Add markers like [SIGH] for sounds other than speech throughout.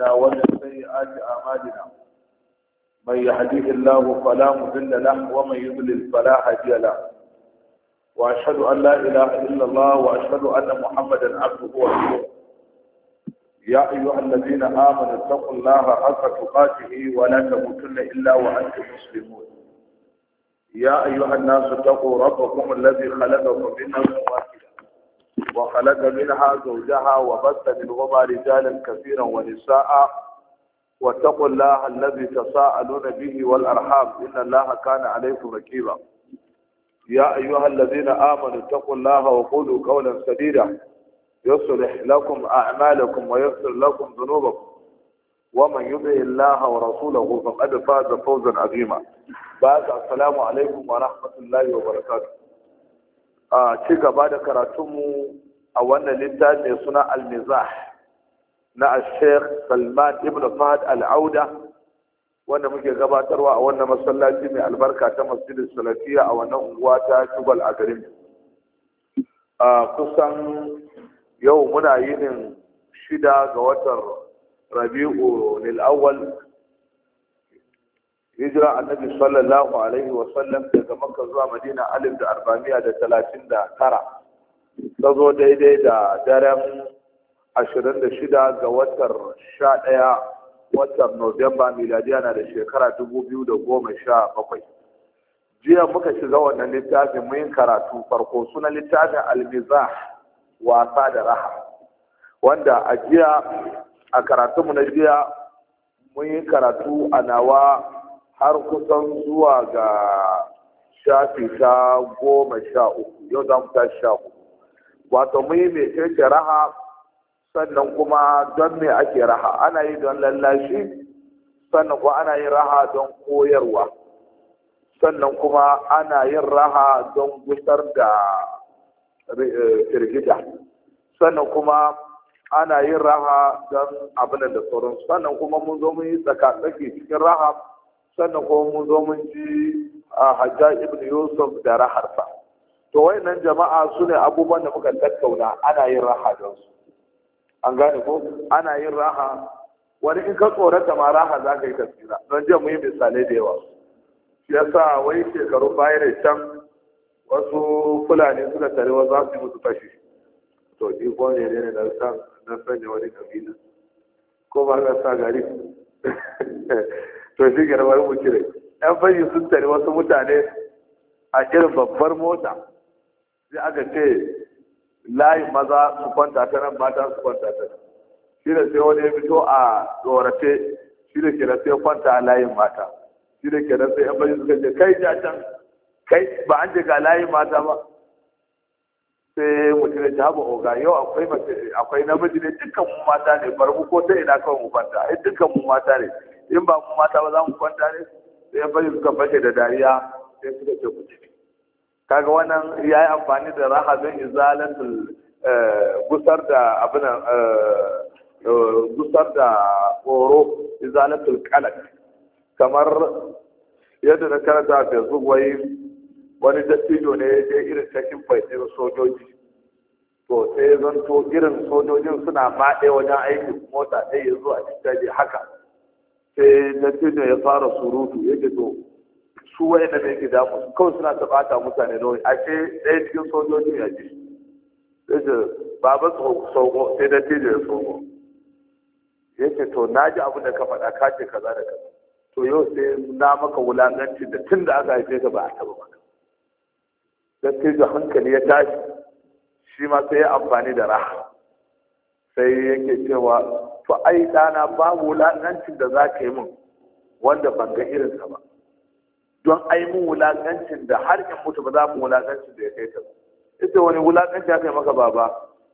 أنفسنا ومن سيئات أعمالنا من يهديه الله فلا مضل له ومن يضلل فلا هادي له وأشهد أن لا إله إلا الله وأشهد أن محمدا عبده ورسوله يا أيها الذين آمنوا اتقوا الله حق تقاته ولا تموتن إلا وأنتم مسلمون يا أيها الناس اتقوا ربكم الذي خلقكم من نفس وخلق منها زوجها وبث منهما رجالا كثيرا ونساء واتقوا الله الذي تساءلون به والأرحام إن الله كان عليكم ركيبا يا أيها الذين آمنوا اتقوا الله وقولوا قولا سديدا يصلح لكم أعمالكم ويغفر لكم ذنوبكم ومن يطع الله ورسوله فقد فاز فوزا عظيما بعد السلام عليكم ورحمة الله وبركاته a ci gaba da karatunmu a wannan littafin mai suna al-mizah na al-sheikh salman ibn fahad al-auda wanda muke gabatarwa a wannan masallaci mai albarka ta masjidin salafiya a wannan unguwa ta jubal a garin a kusan yau muna yinin shida ga watan rabi'u lil awwal hijira annabi sallallahu alaihi wa sallam daga makka zuwa madina alif da arba'amiya da talatin da tara tazo daidai da daren 26 ga watan 11 watan Nuwamba miladiya na da shekara 2017. Jiya muka shiga wannan littafin muyin karatu farko sunan littafin almizah wasa da raha. Wanda a jiya a karatunmu na jiya mun yi karatu a nawa har kusan zuwa ga shafi ta goma sha uku yau za mu ta sha uku. wato mu yi mai cece raha sannan kuma don me ake raha ana yi don lallashi sannan kuma ana yin raha don koyarwa sannan kuma ana yin raha don gusar da eh, firgita sannan kuma ana yin raha don abin da sauran sannan kuma mun zo mun yi tsaka-tsaki cikin raha sannan kuma mun zo mun ji a ah, hajja ibn yusuf da raharsa to wayannan jama'a su ne abubuwan da muka tattauna ana yin raha don su an gane ko ana yin raha wani in ka tsorata ma raha za ka yi tasira don jiya muyi misalai da yawa shi ya sa wai shekaru baya da can wasu fulani suka tare wasu za su yi musu fashi to ni ko ne ne na san na sanya wani kabila ko ba ka sa gari [LAUGHS] to shi wani mu ne yan fashi sun tare wasu mutane a irin babbar mota sai aka ce layin maza su kwanta ta nan mata su kwanta ta nan shi da sai wani ya fito a tsorace shi da ke sai kwanta a layin mata shi da ke sai yan baji suka ce kai ja can kai ba an je ga layin mata ba sai mutum ya ci haɓa oga yau akwai mace akwai namiji ne dukkan mu mata ne bar mu ko ta ina kawai mu kwanta ai dukkan mu mata ne in ba mu mata ba za mu kwanta ne sai yan baji suka fashe da dariya sai suka ce ku ciki kaga wannan ya yi amfani da raha don eh, gusar da abin eh, eh, gusar da izalatul kalak kamar yadda na karanta a facebook wai wani dattijo ne ya irin cikin faifin sojoji to sai zanto irin sojojin suna faɗe wajen aikin mota ɗaya ya zuwa cikin haka sai dattijo ya fara surutu ya to su wa'anda mai ke damu su kawai suna ta bata mutane da wani ashe ɗaya cikin sojoji ya ce sai su sauko sai da tijo ya sauko ya ce to na ji abin da ka faɗa ka ce kaza da kaza to yau sai na maka wulaganci da tun da aka haife ka ba a taɓa maka dattijo hankali ya tashi shi ma sai ya amfani da raha sai yake cewa to ai ɗana babu wulaƙancin da za ka yi min wanda ban ga irinsa ba don ai mun wulakancin da har in mutu ba za mu wulakancin da ya kai ta ita wani wulakanci aka yi maka baba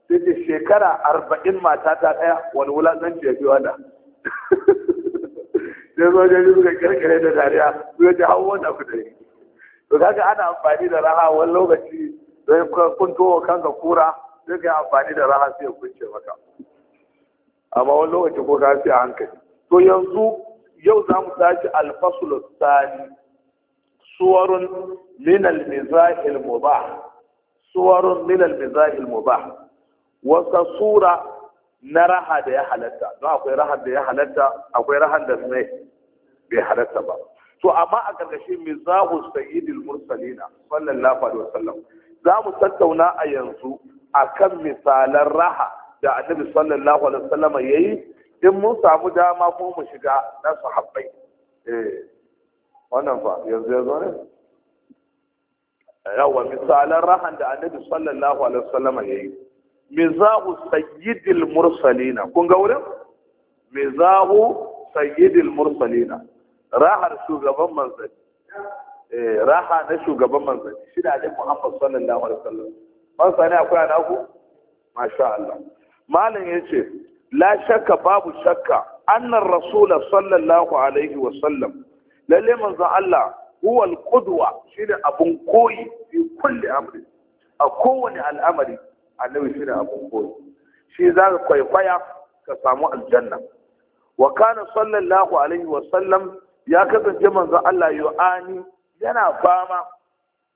sai ce shekara arba'in mata ta ɗaya wani wulakanci ya fi wanda [LAUGHS] sai sojoji suka kirkire da dariya suka ji hau wanda ku dare to kaga ana amfani da raha wani lokaci don kuntowa kanka kura sai ka yi amfani da raha sai ya kunce maka amma wani lokaci ko ka fi hankali to yanzu yau za mu tashi alfasulu sani suwarun minal mizahil mubah suwarun minal mizahil mubah wata sura na raha da ya halatta don akwai raha da ya halatta akwai rahan da ne bai halatta ba to amma a ƙarƙashin mizahu sayyidil mursalina sallallahu alaihi za mu tattauna a yanzu akan misalan raha da annabi sallallahu alaihi wasallam yayi in mun samu dama ko mu shiga na sahabbai eh wannan fa yanzu ya zo ne yawa misalan rahan da annabi sallallahu alaihi wasallam ya yi mizahu sayyidil mursalina kun ga wurin mizahu sayyidil mursalina rahar shugaban eh raha na shugaban manzanni shi da alin muhammad sallallahu alaihi wasallam ban sani akwai anaku masha Allah malam yace la shakka babu shakka annar rasul sallallahu alaihi wasallam lalle manzon Allah huwal qudwa shine abun koyi fi kulli amri a kowane al'amari annabi shine abun koyi shi zaka kwaikwaya ka samu aljanna wa kana sallallahu alaihi wa sallam ya kasance manzon Allah yu'ani yana fama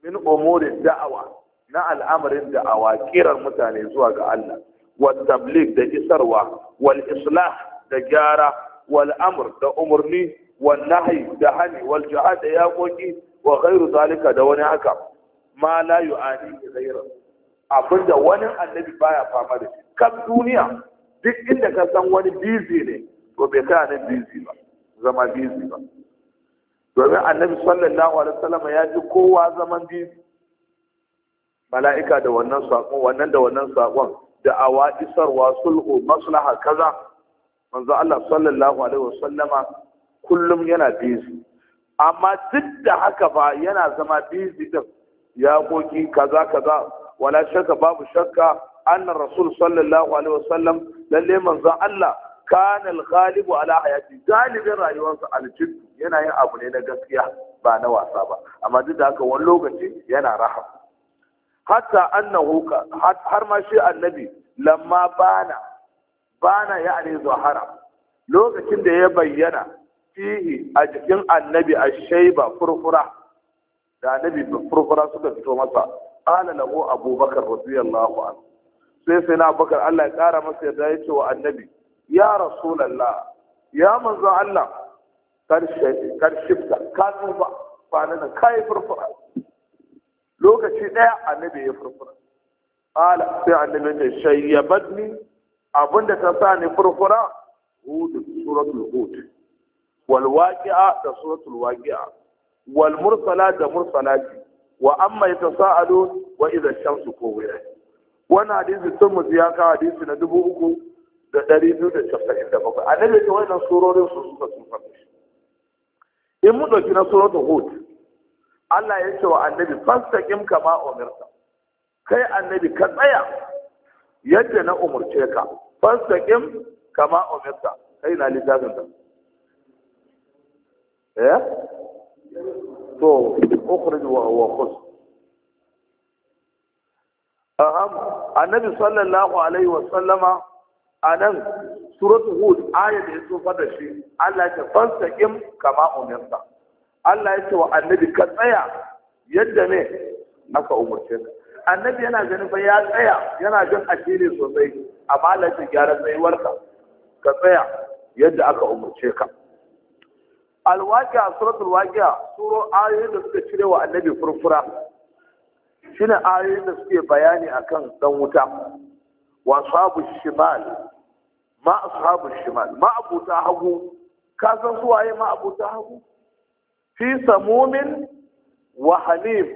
min umurin da'awa na al'amarin da'awa kiran mutane zuwa ga Allah wa tabligh da isarwa wal islah da gyara wal amr da umurni والنهي دهني والجهاد يا قوي وغير ذلك da wani haka ma la yu'ani ghayra abinda wani annabi baya fama da shi kan duniya duk inda ka san wani busy ne to bai kai nan busy ba zama busy ba domin annabi sallallahu alaihi wasallam ya ji kowa zaman busy mala'ika da wannan sakon wannan da wannan sakon da awa isarwa sulhu maslaha kaza manzo Allah sallallahu alaihi wasallama kullum yana busy amma duk da haka ba yana zama busy din ya koki kaza kaza wala shakka babu shakka anna rasul sallallahu alaihi wasallam lalle manzon Allah kana al-ghalibu ala hayati galibin rayuwarsa al-jidd yana yin abu ne na gaskiya ba na wasa ba amma duk da haka wani lokaci yana raha hatta annahu har ma shi annabi lamma bana bana ya zuhara. lokacin da ya bayyana fihi a jikin annabi a shaiba furfura da annabi furfura suka fito masa qala lahu abubakar radiyallahu anhu sai sai na bakar Allah ya kara masa yadda ya ce wa annabi ya rasulallah ya manzo Allah karshe karshifta ka tuba kwanan kai furfura lokaci daya annabi ya furfura qala sai annabi ya shayyabatni abinda ta sa ni furfura hudu suratul hud wal da suratul waqi'a wal mursala da mursalati wa amma yatasaalu wa idha shamsu kuwirat wannan hadisi sun mu ya ka hadisi na dubu uku da ɗari biyu da casa'in da bakwai a nan yake wannan surorin su suka sun faɗi in mu ɗauki na suratul hud Allah ya ce wa annabi fastaqim kama umirta kai annabi ka tsaya yadda na umurce ka fastaqim kama umirta kai na littafin eh to ukhrij wa khuz aham annabi sallallahu alaihi wa sallama anan suratul hud ayat da yaso fa da shi Allah ya fastaqim kama umirta Allah ya ce wa annabi ka tsaya yadda ne aka umarce ka annabi yana ganin fa ya tsaya yana jin ne sosai amma Allah ya gyara tsayuwarka ka tsaya yadda aka umarce ka alwaƙiya suratul waƙiya suro ayoyin da suka cire wa annabi furfura shine ayoyin da suke bayani akan dan wuta wa ashabu shimal ma ashabu shimal ma abuta hagu ka san su waye ma abuta hagu fi samumin wa halim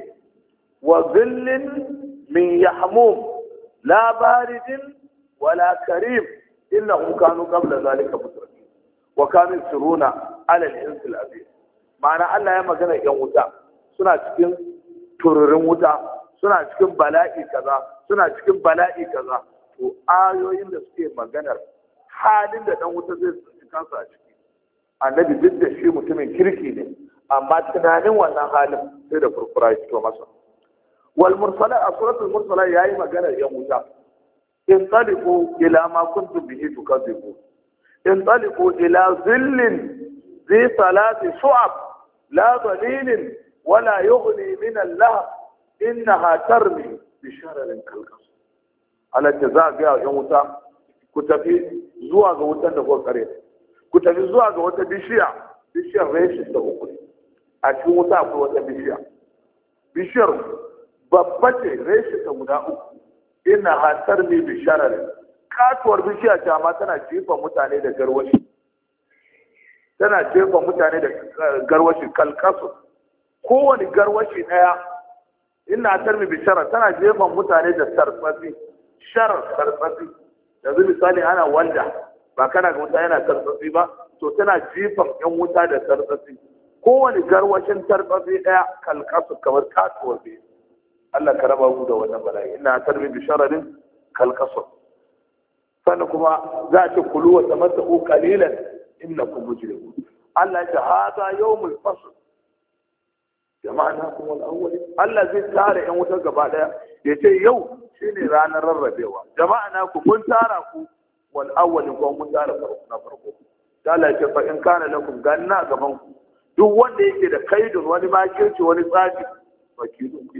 wa zillin min yahmum la baridin wala karim innahum kanu qabla zalika mutrakin wa kanu siruna alal insil abi ma'ana Allah ya magana yan wuta suna cikin tururin wuta suna cikin bala'i kaza suna cikin bala'i kaza to ayoyin da suke maganar halin da dan wuta zai tsinci kansa a ciki annabi duk da shi mutumin kirki ne amma tunanin wannan halin sai da furfura ya fito masa wal mursala a suratul mursala yayi magana yan wuta in ko ila ma kuntum bihi tukazzibu in ko ila zillin ذي ثلاث شعب لا ظليل ولا يغني من اللهب ga wutan da kuka ku tafi zuwa ga wata bishiya bishiyar reshin da uku a cikin wuta akwai wata bishiya bishiyar babba ce reshin ta guda uku ina hatar ne bisharar katuwar bishiya ce tana jefa mutane da garwashi tana jefa mutane da eh, garwashi kalkasu kowane garwashi daya ina tarmi bishara sharar tana jefa mutane da sarfafi sharar sarfafi yanzu misali ana wanda ba kana ga wuta yana sarfafi ba to tana jefa yan wuta da sarfafi kowane garwashin sarfafi daya kalkasu kamar kasuwar bai Allah ka raba mu da wannan bala'i ina tarmi bi shararin kalkasu sannan kuma za a ce kulu masa tamatta'u ƙalilan. innakum mujrimun Allah ya hada yawmul fasl jama'ana kuma al-awwal Allah zai tara yan wutar gaba daya ce yau shine ranar rarrabewa na ku mun tara ku wal awwal ko mun tara farko na farko Allah ya ce fa in kana lakum ganna gaban ku duk wanda yake da kaidun wani makirci wani tsafi wakilin ku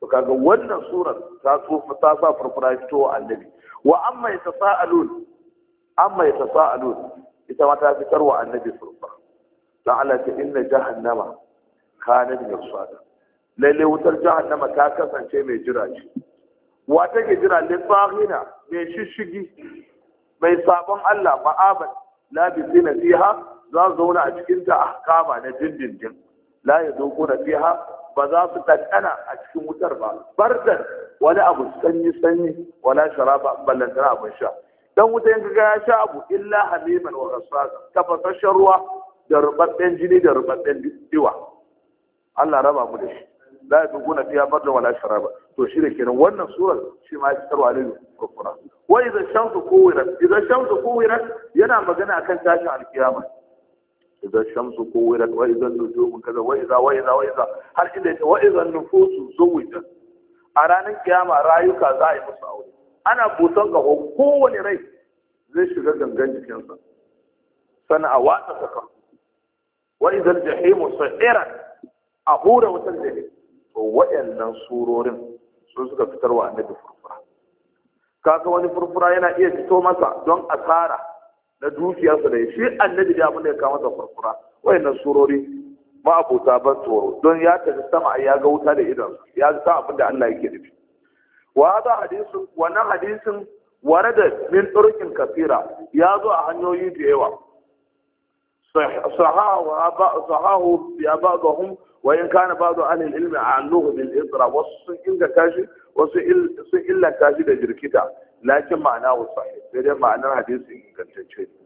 to kaga wannan surar ta tsofa ta sa farfara fitowa annabi wa amma yatasaalun amma yatasaalun ita ma ta fitar wa annabi furfa dan ta inna jahannama kana min sada lalle wutar jahannama ta kasance mai jira ce wa take jira ne tsahina mai shishigi mai sabon Allah ma'abad la bi sina fiha za su zauna a cikin ta ahkama na dindindin la na fiha ba za su ɗanɗana a cikin wutar ba bardar wani abu sanyi sanyi wala sharaba ballantana abin sha dan wuta in kaga ya sha abu illa hamiman wa rasaka tafasashen ruwa da rubabben jini da rubabben diwa Allah raba mu da shi la yaduguna fiha fadla wala sharaba to shi da kenan wannan sura shi ma ya tarwa ne kufra wa idza shamsu kuwirat idza shamsu kuwirat yana magana akan tashin alkiyama idza shamsu kuwirat wa idza nujumu kaza wa idza wa idza wa idza har inda wa idza nufusu zuwita a ranar kiyama rayuka za a yi musu aure ana busan kawo kowane rai zai shiga gangan jikinsa sana a watsa wani wa idan jahimu sa'iran a hura wutar jahim to waɗannan surorin sun suka fitar wa annabi furfura kaga wani furfura yana iya fito masa don asara na dukiyarsa da shi annabi da abin da ya kawo masa furfura Waɗannan surori ma abota ban tsoro don ya tafi sama ya ga wuta da idon ya ga abin da Allah yake nufi wa za hadisin wannan hadisin warada min ya zo a hanyoyi da yawa sahahu ya ba'dhum wa in kana ba'du ahli al-ilmi annuhu bil isra wasu sun inga kashi wasu sun illa kashi da jirkita lakin ma'ana sahih sai dai ma'anar hadisin ingantacce ne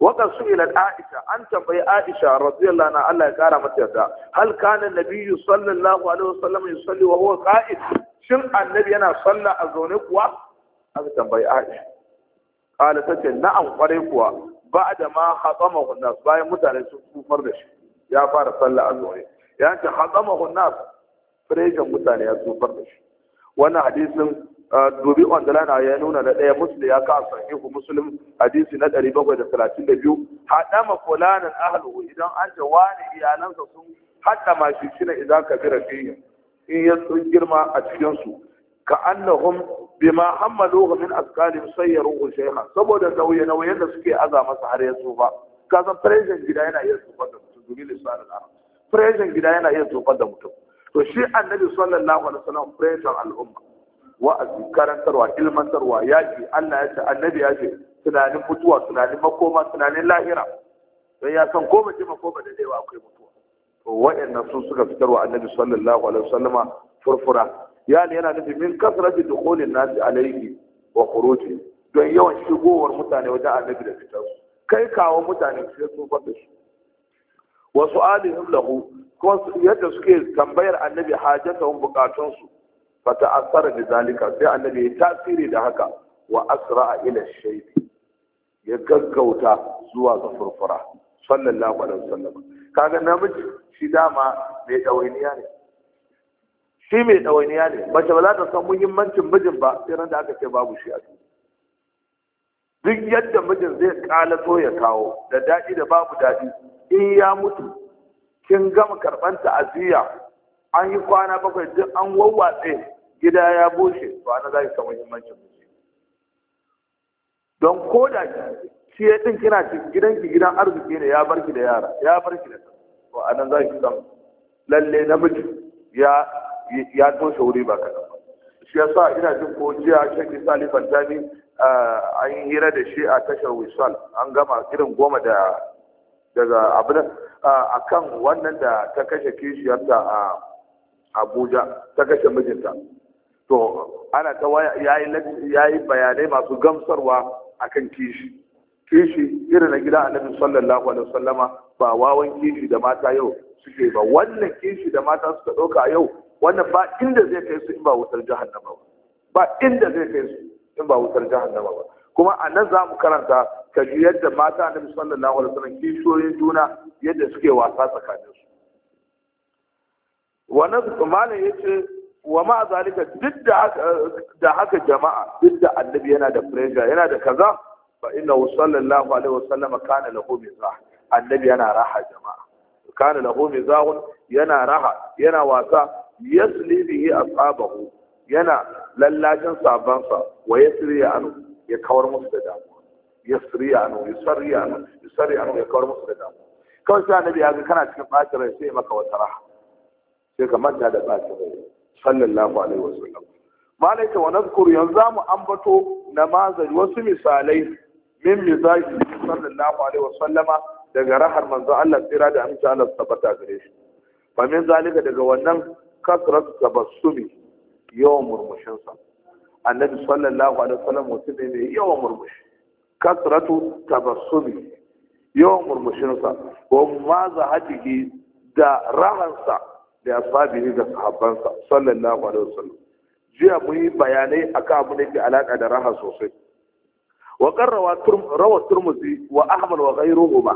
waka su'ila Aisha an tambayi Aisha radiyallahu anha Allah ya kara mata yarda hal kana nabiyyu sallallahu alaihi wasallam yusalli wa huwa qa'id shin annabi yana salla a zaune kuwa aka tambayi Aisha qala ta ce na'am kware kuwa ba'da ma hatama hunnas bayan mutane sun kufar da shi ya fara salla a zaune ya ce hatama hunnas frejan mutane ya kufar da shi wannan hadisin dubi ondalana ya nuna da ɗaya musulun ya ka ku. musulun hadisi na ɗari bakwai da talatin da biyu haɗama fulanin ahluhu idan an ce wani iyalansa sun haɗama shi shine idan ka bira fiye in ya sun girma a cikinsu ka annahum bima hammaluhu min asqalim sayyaruhu shayha saboda nauye nauyen da suke aza masa har ya tsufa ka san gida yana iya tsufa da mutum dubi lisanin arab present gida yana iya tsufa da mutum to shi annabi sallallahu alaihi wasallam present al'umma wa'azi karantarwa ilmantarwa yaki Allah ya ce annabi ya ce tunanin mutuwa tunanin makoma tunanin lahira don ya san ko mace ba da daiwa akwai mutuwa to waɗannan sun suka fitarwa annabi sallallahu alaihi wasallama furfura ne yana nufin min kasrati dukhulin nasi alayhi wa khuruji don yawan shigowar mutane wajen annabi da fitar kai kawo mutane sai su fada shi wa su'alihim lahu kuma yadda suke tambayar annabi hajatahum bukatunsu fata asara da zalika sai annabi ya tasiri da haka wa asra ila shaybi ya gaggauta zuwa ga furfura sallallahu alaihi wasallam kaga namiji shi dama mai dawainiya ne shi mai dawainiya ne mace ba za ta san muhimmancin mijin ba sai ran da aka ce babu shi a duniya duk yadda mijin zai kalato ya kawo da daɗi da babu daɗi in ya mutu kin gama karɓar ta'aziyya an yi kwana bakwai duk an wawwatse gida ya bushe to ana za ki san muhimmancin miji don ko da shi ya din kina cikin gidanki gidan arziki ne ya barki da yara ya barki da to anan za ki san lalle miji ya ya toshe wuri ba kaɗan ba shi ya sa ina jin ko jiya shakki sali fantani an yi hira da shi a tashar wisal an gama irin goma da daga abin a kan wannan da ta kashe kishiyarta a abuja ta kashe mijinta to ana ta ya yi bayanai masu gamsarwa a kan kishi kishi irin na gida annabi sallallahu alaihi wasallama ba wawan kishi da mata yau suke ba wannan kishi da mata suka ɗauka yau wannan ba inda zai kai su in ba wutar jahannama ba ba inda zai kai su in ba wutar jahannama ba kuma a nan za mu karanta ka ji yadda mata annabi sallallahu alaihi wasallam kishiyoyin juna yadda suke wasa tsakaninsu malam ya ce wa ma zalika duk da haka jama'a duk da annabi yana da pressure yana da kaza fa inna sallallahu alaihi wasallam kana lahu mizah annabi yana raha jama'a kana lahu mizahun yana raha yana wasa yasli bihi ashabahu yana lallacin sabansa wa yasri anu ya kawar musu da damuwa yasri anu yusri anu yusri anu ya kawar musu da damuwa kawai sai annabi ya ga kana cikin bacin rai sai maka wata raha sai ka manta da ɓata rai sallallahu alaihi wasallam malaika wa nazkur yanzu za mu ambato namazari wasu misalai min misali sallallahu alaihi wasallama daga rahar manzo Allah tsira da amince Allah tabbata gare shi fa min zalika daga wannan kasrat tabassumi yawan murmushin sa annabi sallallahu alaihi wasallam mutum ne mai yawan murmushi kasratu tabassumi yawan murmushin sa wa ma zahatihi da rahansa da ashabihi da sahabbansa sallallahu alaihi wasallam jiya mun yi bayanai akan abu da ke alaka da raha sosai wa qarrawa rawa turmuzi wa ahmad wa ghayruhuma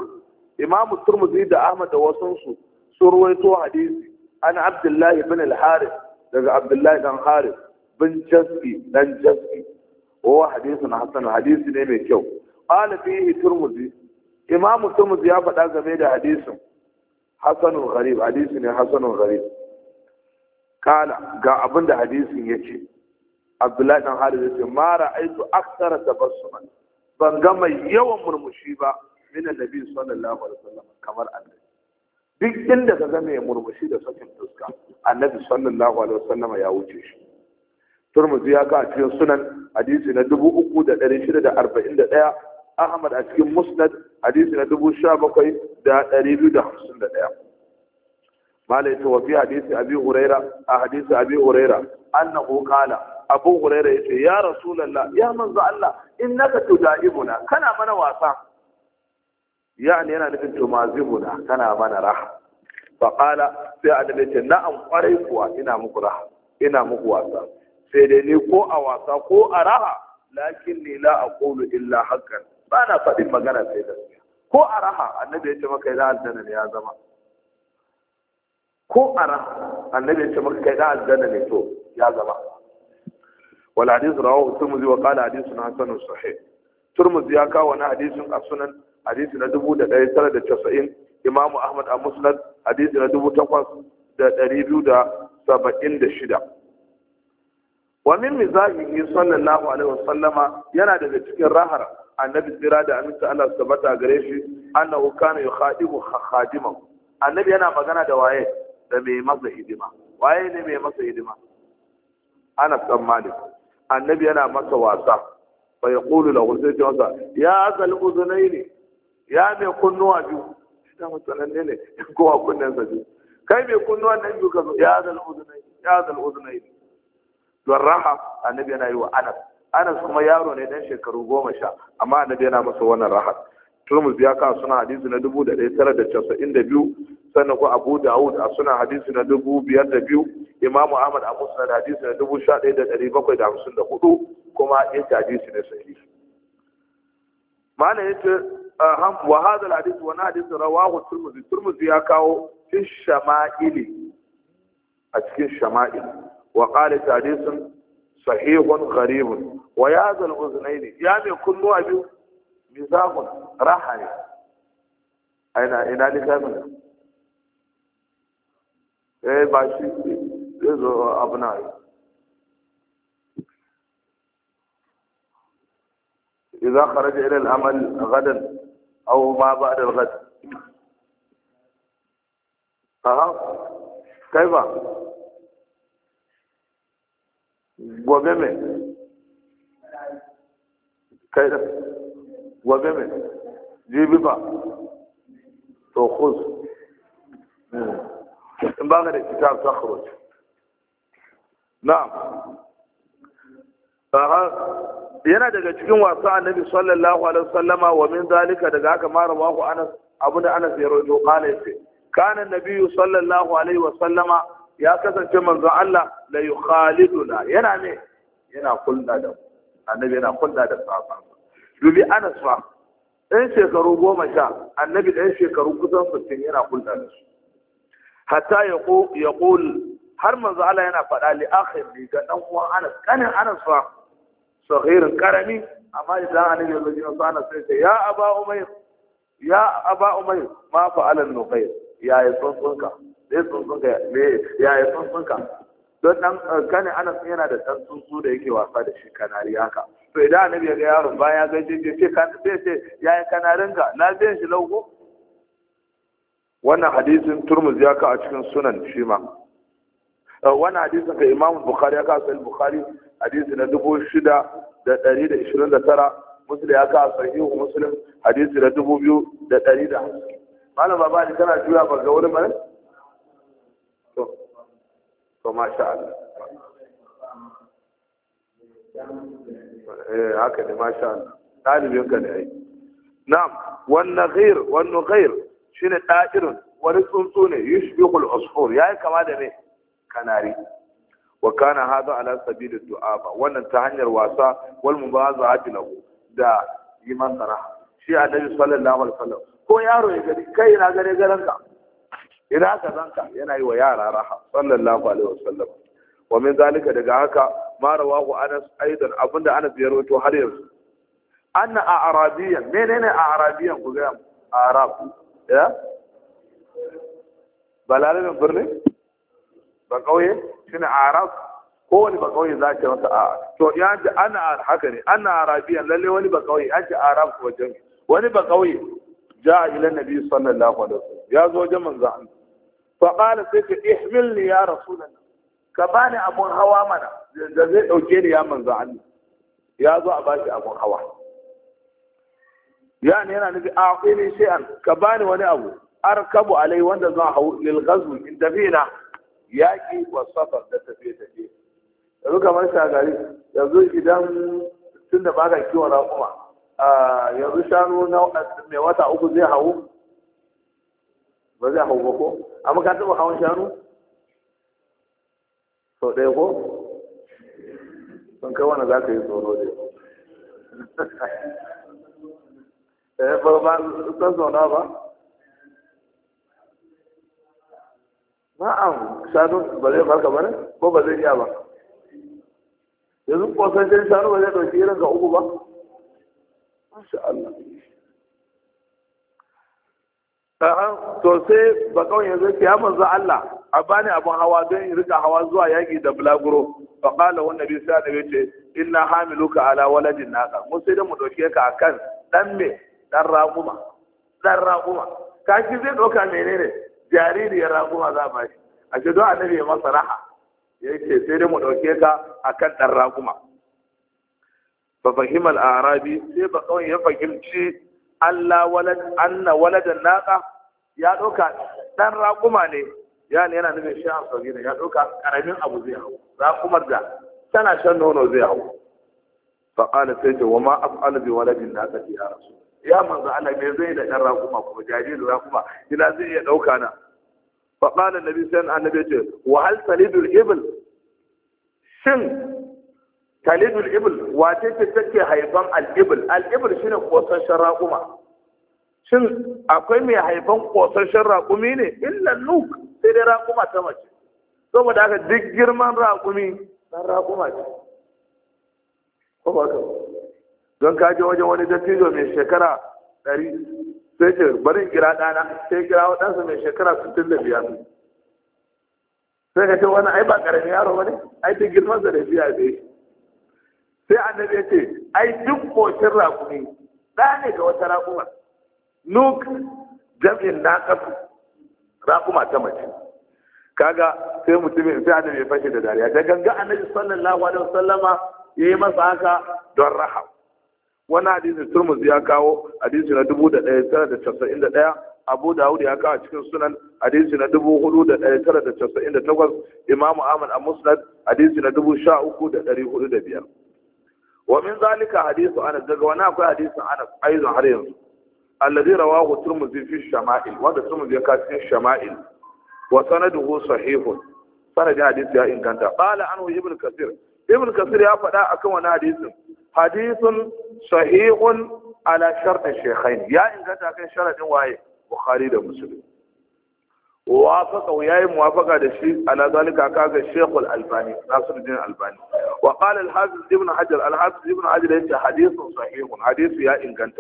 imam turmuzi da ahmad da wasun su sun ruwaito hadisi ana abdullahi bin al-harith daga abdullahi dan harith bin jasbi dan jasbi wa hadisin hasan hadisi ne mai kyau qala fihi turmuzi imam turmuzi ya faɗa game da hadisin hasanun gharib hadisi ne hasanun gharib kala ga abinda da hadisin ya ce abdullahi dan haris ya ce ma ra'aitu aksara tabassuma ban ga mai yawan murmushi ba min annabi sallallahu alaihi kamar duk inda ka ga ya murmushi da sakin fuska annabi sallallahu alaihi wasallam ya wuce shi turmuzi ya ga a cikin sunan hadisi na 3641 ahmad a cikin musnad hadisi na 17 da 251 malai ta wafi hadisi abi huraira a hadisi abi huraira annahu qala abu huraira yace ya rasulullah ya manzo Allah innaka tudaibuna kana mana wasa yani yana nufin tumazibuna kana mana raha fa sai annabi ce na'am kwarai kuwa ina muku raha ina muku wasa sai dai ko a wasa ko a raha lakin ni la aqulu illa haqqan bana na faɗin magana sai gaskiya ko araha annabi ya ce maka ya aljanna ne ya zama ko raha annabi ya ce maka kai da aljanna ne to ya zama wal hadith rawahu turmuzi wa qala hadithun hasanun sahih turmuzi ya kawo wani hadithun a sunan hadisi na dubu da ɗari tara da casa'in imamu ahmad a musnad hadisi na dubu takwas da biyu da saba'in da shida wa min mizahihi sallallahu alaihi wasallama yana daga cikin rahara annabi tsira da aminta Allah su tabbata gare shi annahu kana yukhadimu khadiman annabi yana magana da waye da mai masa hidima waye ne mai masa hidima ana tsammani annabi yana masa wasa fa yaqulu lahu sai ya masa ya zal uzunaini ya mai kunnuwa biyu ta mutsananne ne kowa kunnen sa biyu kai mai kunnuwa nan biyu ka zo ya zal uzunaini ya zal uzunaini don raha annabi yana yi wa anas anas kuma yaro ne dan shekaru goma sha amma annabi yana masa wannan rahat turmus ya kawo suna hadisi na dubu da ɗaya tara da casa'in da biyu sannan ko abu dawud a suna hadisi na dubu biyar da biyu imamu ahmad abu suna da hadisi na dubu sha ɗaya da ɗari bakwai da hamsin da hudu kuma yake hadisi ne sahihi malam yace wa hadal hadisi wani hadisi rawahu turmuzi turmuzi ya kawo fi shama'ili a cikin shama'ili wa ƙalita hadisin صحيح غريب ويا ذا الاذنين يا كل واحد مزاق رحل اين الى لسانه ايه ماشي ذو إيه، ابناء اذا خرج الى العمل غدا او ما بعد الغد اها كيف gobe mai kai da gobe mai jibi ba to khuz hmm. in ba ka da kitab ta na ba yana daga cikin wasu annabi sallallahu alaihi wasallama wa min zalika daga aka mara wahu anas abu da anas ya rojo kala yace kana nabiyyu sallallahu alaihi wasallama ya kasance manzon Allah la yukhaliduna yana ne yana kulla da annabi yana kulla da sahabban dubi Anas fa ɗan shekaru goma sha annabi ɗan shekaru kusan 60 yana kulla da su hatta ya ƙul har manzo Allah yana faɗa li akhiri ga dan uwan Anas kanin Anas fa sahirin karami amma idan annabi ya zo jin sai ce ya aba umayr ya aba umayr ma fa'alan nufayr ya yi tsuntsunka sai tsuntsun ka ya yi tsuntsun ka don dan gane eh, anas yana da dan tsuntsu da yake wasa da shi kanari haka to idan annabi ya ga yaron bayan ya gaje je ce kan sai ce yayi kanarin ka na je shi lauko wannan hadisin turmuz ya ka a cikin sunan shi ma eh, wannan hadisin ka imamu bukhari ya ka sahih bukhari hadisi na dubu shida da ɗari da ishirin da tara muslim ya ka sahihu muslim hadisi na dubu biyu da ɗari da malam baba ni kana juya ba ga wani mana to masha Allah eh haka ne masha Allah dalibin ka ne ai na'am wan naghir wan shine da'irun wani tsuntsu ne yushbiqul ya yi kama da me kanari wa kana hada ala sabili du'a wannan ta hanyar wasa wal mubaza'ati lahu da yi man sana'a shi annabi sallallahu alaihi wasallam ko yaro ya gari kai na gare ka. idan haka zanka yana yi wa yara raha sallallahu alaihi wasallam wa min zalika daga haka ma rawahu anas aidan abinda anas ya rawaito har yanzu anna a'rabiyan menene a'rabiyan ku ga arab ya ne birni ba kauye shine arab Ko wani ba kauye za ta masa a to ya ji ana haka ne ana arabiyan lalle wani ba kauye an ji arab wajen wani ba kauye ja ila nabi sallallahu alaihi wasallam ya zo wajen manzo faƙala sai ta ihmil ni ya rasulan ka bani abun hawa mana da zai ɗauke ni ya manzo Allah ya zo a bashi abun hawa yani yana nufi a ƙini shi'an ka bani wani abu arkabu alai wanda zan hau lil ghazmi in tafina yaƙi wa safar da tafiye tafiye yanzu kamar shagari yanzu idan tun da baka kiwon raƙuma yanzu shanu na mai wata uku zai hau ba zai hau ba ko amma ka taɓa hawan shanu sau ɗaya ko sun kai wani za ka yi tsoro dai [LAUGHS] eh ba ba san zauna ba Ba a shanu ba zai ba ne, ko ba zai iya ba yanzu kosan shanu ba zai ɗauki irin ga uku ba masha Allah to sai ba kawai yanzu ya manzo Allah a bani abun hawa don in rika hawa zuwa yaki da bulaguro fa qala wa nabi sai da ce inna hamiluka ala waladin naka mu sai da mu dauke ka akan dan me dan raguma dan raguma ji zai doka menene jariri ya raguma za ba shi a ce don annabi ya masa raha yace sai da mu dauke ka akan dan raguma fa fahimal arabi sai ba kawai ya fahimci Allah walad anna waladan naqa ya ɗauka ɗan raƙuma ne ya ne yana nufin shi a sauki ne ya ɗauka ƙaramin abu zai hau raƙumar da tana shan nono zai hau faƙala sai ce wa ma af'alu bi waladin na tsaki ya rasu ya manzo Allah me zai da ɗan raƙuma kuma jaririn raƙuma ina zai iya ɗauka na na nabi sai annabi ce wa hal talidul ibil shin talidul ibil wace ce take haifan al ibil al ibil shine kosan raƙuma shin akwai mai haifan shan raƙumi ne illan nuk sai dai raƙuma ta mace saboda haka duk girman raƙumi na raƙuma ce ko ba ka don ka je wajen wani dattijo mai shekara ɗari sai ce bari kira ɗana sai kira waɗansa mai shekara sittin da biyar sai ka ce wani ai ba ƙaramin yaro ba ne ai duk girmansa da biya zai sai annabi ya ce ai duk ƙoshin raƙumi ɗa ne ga wata raƙumar nuk jam'in na kasu kuma ta mace kaga sai mutumin sai annabi ya fashe da dariya da ganga annabi sallallahu alaihi wasallama yayi masa haka don rahab wani hadisi turmus ya kawo hadisi na dubu da ɗaya tara da casa'in da ɗaya abu dawud ya kawo cikin sunan hadisi na dubu hudu da ɗaya tara da casa'in da takwas imamu ahmad a musnad hadisi na dubu sha uku da ɗari hudu da biyar wa min zalika hadisu anas daga wani akwai hadisin anas aizon har yanzu alladhi rawahu tirmidhi fi shama'il wanda tirmidhi ya kace shama'il wa sanaduhu sahihun sanadin hadisi ya inganta qala anhu ibn kasir ibn kasir ya faɗa akan wani hadisin hadisun sahihun ala shartin shekhain ya inganta kan sharadin waye bukhari da muslim وافق ياي موافقة الشيء على ذلك كاغا الشيخ الألباني ناصر الدين الألباني وقال الحافظ ابن حجر الحافظ ابن حجر حديث صحيح حديث يا إن كنت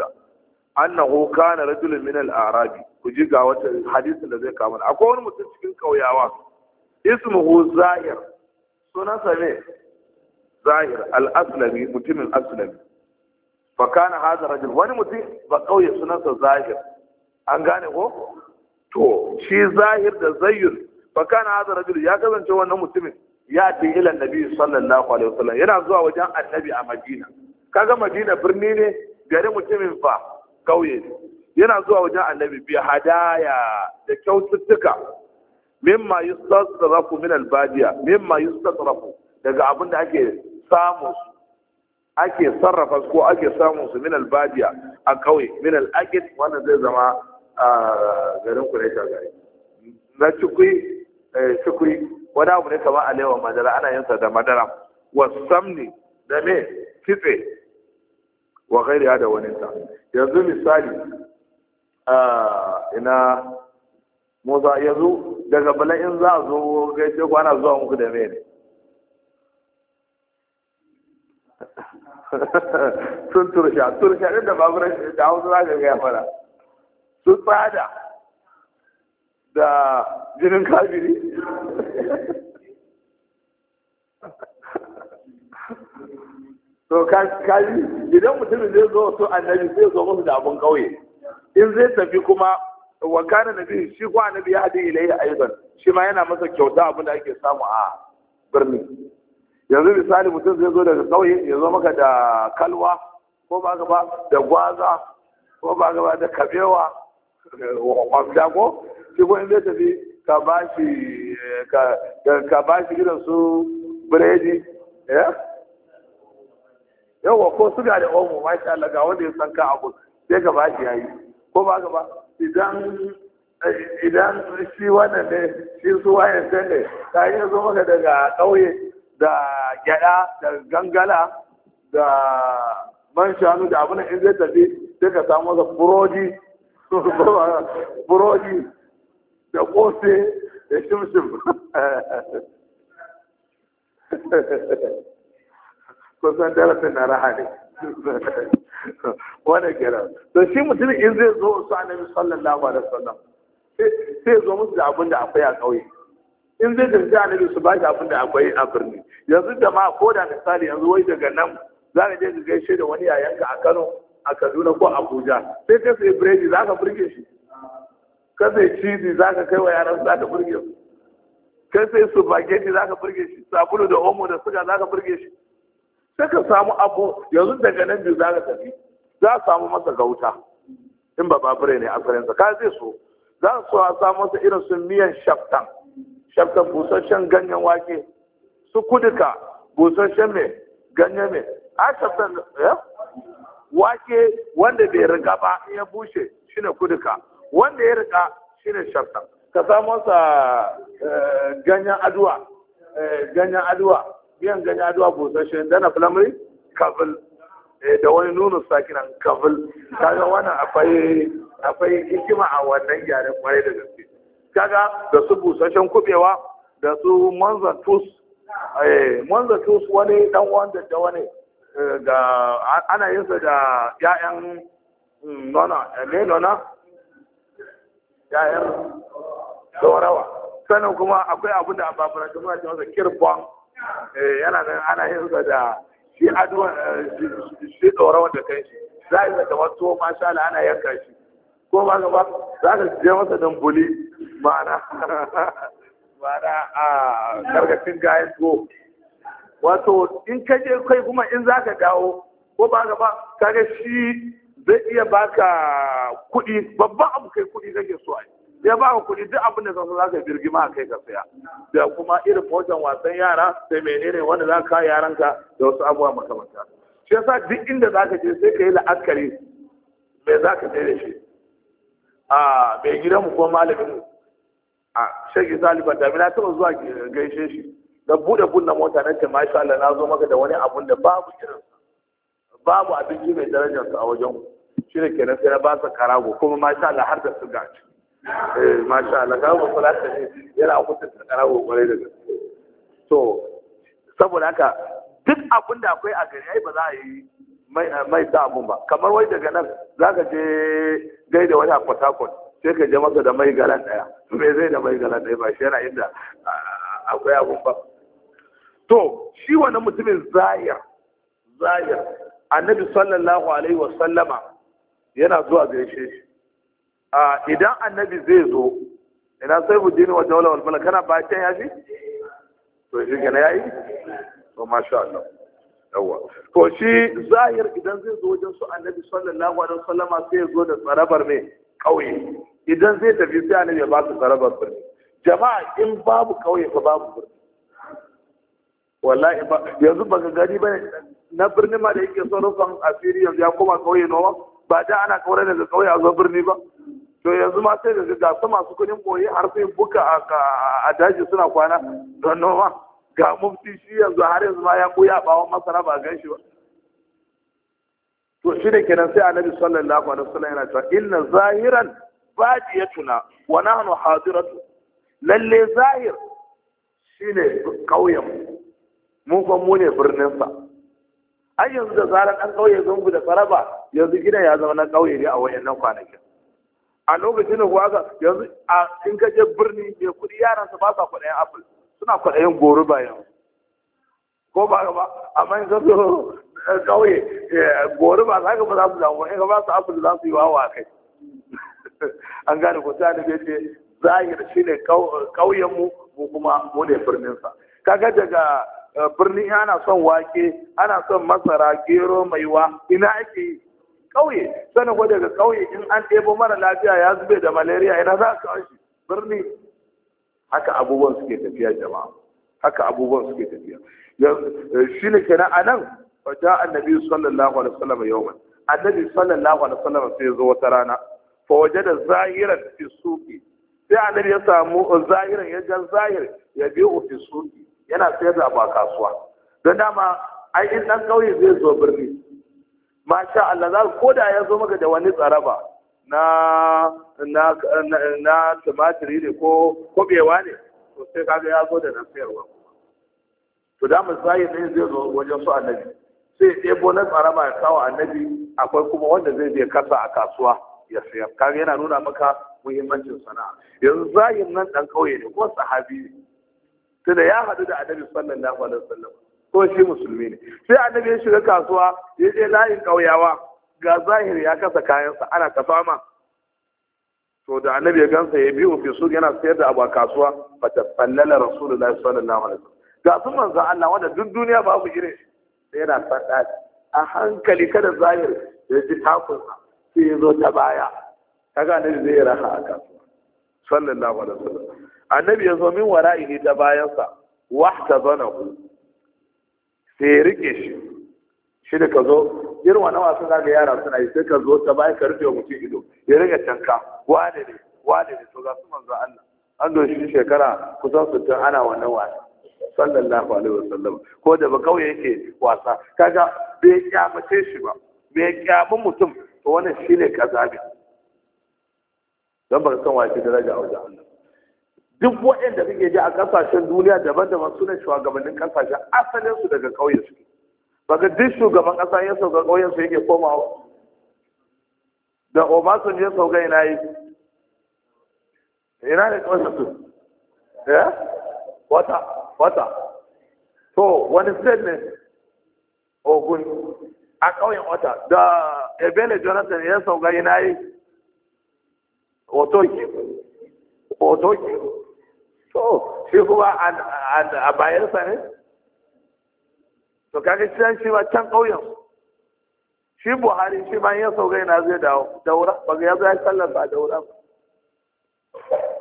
annahu kana rajulun min al-arabi ku ji ga wata hadisin da zai kama akwai wani mutum cikin kauyawa ismuhu zahir sunansa ne zahir al-aslami mutumin aslami fa kana hadha rajul wani mutum ba kauye sa zahir an gane ko to shi zahir da zayyur fa kana hadha rajul ya kasance wannan mutumin ya ta ila nabi sallallahu alaihi wasallam yana zuwa wajen annabi a madina kaga madina birni ne gari mutumin fa kauye ne yana zuwa wajen annabi biya hadaya da kyaututtuka mimma yustasrafu min albadiya mimma yustasrafu daga abin da ake samu ake sarrafa ko ake samu su min albadiya a kauye min alaqid wannan zai zama a garin kuraita gari na cikui eh, cikui wani abu ne kamar alewa madara ana yin sa da madara wasamni da me kitse wa ghairiha da waninta yanzu misali ina Musa yanzu daga bala in za a zo gaishe ku ana zuwa muku da mene [LAUGHS] sun tursha turshe ɗin da rashin da hausa za ka gaya fara sun tsada da jinin kabiri. [LAUGHS] to kaji idan mutumin zai zo so annabi zai zo musu da abun kauye in zai tafi kuma wa kana nabi shi ko annabi ya hadi ilayhi aidan shi ma yana masa kyauta abin da ake samu a birni yanzu misali mutum zai zo daga kauye ya zo maka da kalwa ko ba ba da gwaza ko ba ba da kabewa kwamda [LAUGHS] ko shi ko in zai tafi ka bashi eh, ka bashi gidan su biredi eh yawa ko suga da omo masha Allah ga wanda ya san ka abu sai ka bashi yayi ko ba gaba idan idan shi wannan ne shi su wayan san ne ta yi zo maka daga kauye da gyada da gangala da man shanu da abin in zai tafi sai ka samu da burodi [LAUGHS] burodi da kose da shimshim [LAUGHS] kusan darasin na raha ne wani gara to shi mutum in zai zo su annabi sallallahu alaihi wasallam sai zo musu da abin da akwai a ƙauye in zai tafi annabi su ba shi abin da akwai a birni yanzu da ma ko da misali yanzu wai daga nan za ka je ka gaishe da wani yayanka a Kano a Kaduna ko Abuja sai ka sai biredi za ka burge shi ka sai cheese za ka kai wa yaran za ka burge su kai sai spaghetti za ka burge shi sabulu da omo da suga za ka burge shi Suka samu abu yanzu daga nan biyu za ka tafi za a samu masa gauta in ba babure ne asalinsa ka zai so za a so a samu masa irin su miyan shaftan shaftan busasshen ganyen wake su kuduka busasshen mai ganyen mai a shaftan eh? wake wanda bai riga ba ya bushe shine kuduka wanda ya riga shine shaftan ka samu masa eh, ganyen aduwa eh, ganyen aduwa biyan ganye aduwa busasshe dana flamari kafil eh, da wani nunu sakinan kafil kaga wannan akwai akwai hikima a wannan yare kwarai da gaske kaga da su busashen kubewa da su manza tus eh, manza tus wani dan wanda da wani da eh, ana yin sa da ya'yan mm, nona ne nona ya'yan saurawa sannan kuma akwai abu da a babaranci muna da masa kirbon Eh, yana nan ana yin sa da shi aduwa eh, shi ɗora wanda kai shi za a yi da wato masha Allah ana yanka shi ko ba gaba za ka je masa dan buli ma'ana [LAUGHS] ma'ana a karkashin gayan ko. wato in ka je kai kuma in za ka dawo ko ba gaba kaga shi zai iya baka kuɗi babban abu kai kuɗi kake so a yi ya ba ka kuɗi duk abin da ka so za ka birgima a kai ka saya da kuma irin motan wasan yara da menene wanda za ka yaranka da wasu abubuwa makamanta shi yasa duk inda za ka je sai ka yi la'akari me za ka sai da shi a mai gidanmu ko malamin mu a shagi zaliban da na taɓa zuwa gaishe shi da buɗe buɗe mota na ce masha Allah na zo maka da wani abun da babu irin babu abinci mai darajarsa a wajen shi ne kenan sai na ba sa karago kuma masha Allah har da su gaci Eh, masha Allah ga mu kula ta yana mutunta karawo kwarai da daga to saboda haka duk abin da akwai a gari ai ba za a yi mai eh, sa abun ba kamar wai daga nan zaka je gaida da wata Port Harcourt sai ka je masa da mai galan daya me zai da mai galan daya ba shi yana inda akwai abun ba to shi wani mutumin zayar zayar annabi sallallahu alaihi wa sallama yana zuwa gaishe shi idan annabi zai zo ina sai budini wa jawla wal malak kana ba can yafi to shi kana yayi to masha Allah yawa to shi zahir idan zai zo wajen su annabi sallallahu alaihi wasallam sai ya zo da tsarabar ne kauye idan zai tafi sai annabi ya ba su tsarabar birni jama'a in babu kauye fa babu birni wallahi yanzu baka gani bane na birni ma da yake son asiri yanzu ya koma kauye nawa ba da ana kaure da kauye a zo birni ba to yanzu ma sai daga ga su masu kudin boye har sai buka a daji suna kwana don noma ga mufti shi yanzu har yanzu ma ya koya bawon masara ba gan shi ba to shi da kenan sai annabi sallallahu alaihi wasallam yana cewa inna zahiran badiyatuna wa nahnu hadiratu lalle zahir shine kauyen mu fa mu ne birnin sa ai yanzu da zaran an kauye zungu da faraba yanzu gidan ya zama na kauye ne a wayannan kwanakin a lokacin da kuwa yanzu a in ka je birni mai kuɗi yaran su ba sa kwaɗayin apul suna kwaɗayin goro ba yanzu ko ba ba amma in zato kawai eh, eh, goro ba za ka ba za su damu in ka ba su apul za su yi wawa kai [LAUGHS] an gane ko ta nufi ce zahir shi ne ƙauyenmu mu kuma mu ne birninsa kaga daga eh, birnin ana son wake ana son masara gero maiwa ina ake yi ƙauye sani ko daga ƙauye in an ɗebo mara lafiya ya zube da malaria ina za ka shi birni haka abubuwan suke tafiya jama'a haka abubuwan suke tafiya eh, shi ne kenan a nan wajen annabi sallallahu alaihi wasallam yawman annabi sallallahu alaihi wasallam sai zo wata rana fa wajada zahiran fi suki sai annabi ya samu eh, zahiran ya ga zahir ya u fi suki yana sayar da ba kasuwa don dama ai in dan kauye zai zo birni masha Allah za ko da ya zo maka da wani tsaraba na na na tumatiri ne ko bewa ne to sai kaga ya zo da nan fayarwa to da musayi ne zai zo wajen su annabi sai ya ɗebo na tsaraba ya kawo annabi akwai kuma wanda zai je kasa a kasuwa ya sayar kaga yana nuna maka muhimmancin sana'a yanzu zayin nan dan kauye ne ko sahabi ne tunda ya hadu da annabi sallallahu alaihi wasallam ko shi musulmi ne sai annabi ya shiga kasuwa ya je layin ƙauyawa ga zahiri ya kasa kayansa ana kasama to da annabi ya gansa ya biyu fi su yana sayar da abu a kasuwa ta fallala rasulullahi sallallahu alaihi wasallam ga su manzo Allah wanda duk duniya babu irin shi sai yana fada a hankali kada zahiri ya ji takunsa sai ya zo ta baya kaga annabi zai raha a kasuwa sallallahu alaihi wasallam annabi ya zo min ne ta bayansa wahtazanahu sai ya rike shi shi da ka zo irin wani wasu zaga yara suna yi sai ka zo ta bayan ka rufe mutum ido ya rike canka wane ne wane ne to ga su manzo Allah an zo shi shekara kusan sittin ana wannan wasa sallallahu alaihi wasallam ko da ba kauye yake wasa kaga bai kyamace shi ba bai kyamu mutum to wannan shine kazabi dan ba san wace daraja a wajen Allah duk waɗanda suke je a ƙasashen duniya daban-daban suna shugabannin ƙasashen asalin su daga ƙauyen su baka duk shugaban ƙasa ya sauka ƙauyen su yake komawa da Obasanjo ya sauka ina yi ina ne ƙauyen su eh wata wata to wani state ne ogun a ƙauyen wata da Ebele Jonathan ya sauka ina yi Otoki Otoki to shi kuma a bayansa ne to kaga can shi ma can ƙauyen shi buhari shi ma ya sauka yana zai dawo daura ba ya zai sallar ba daura ba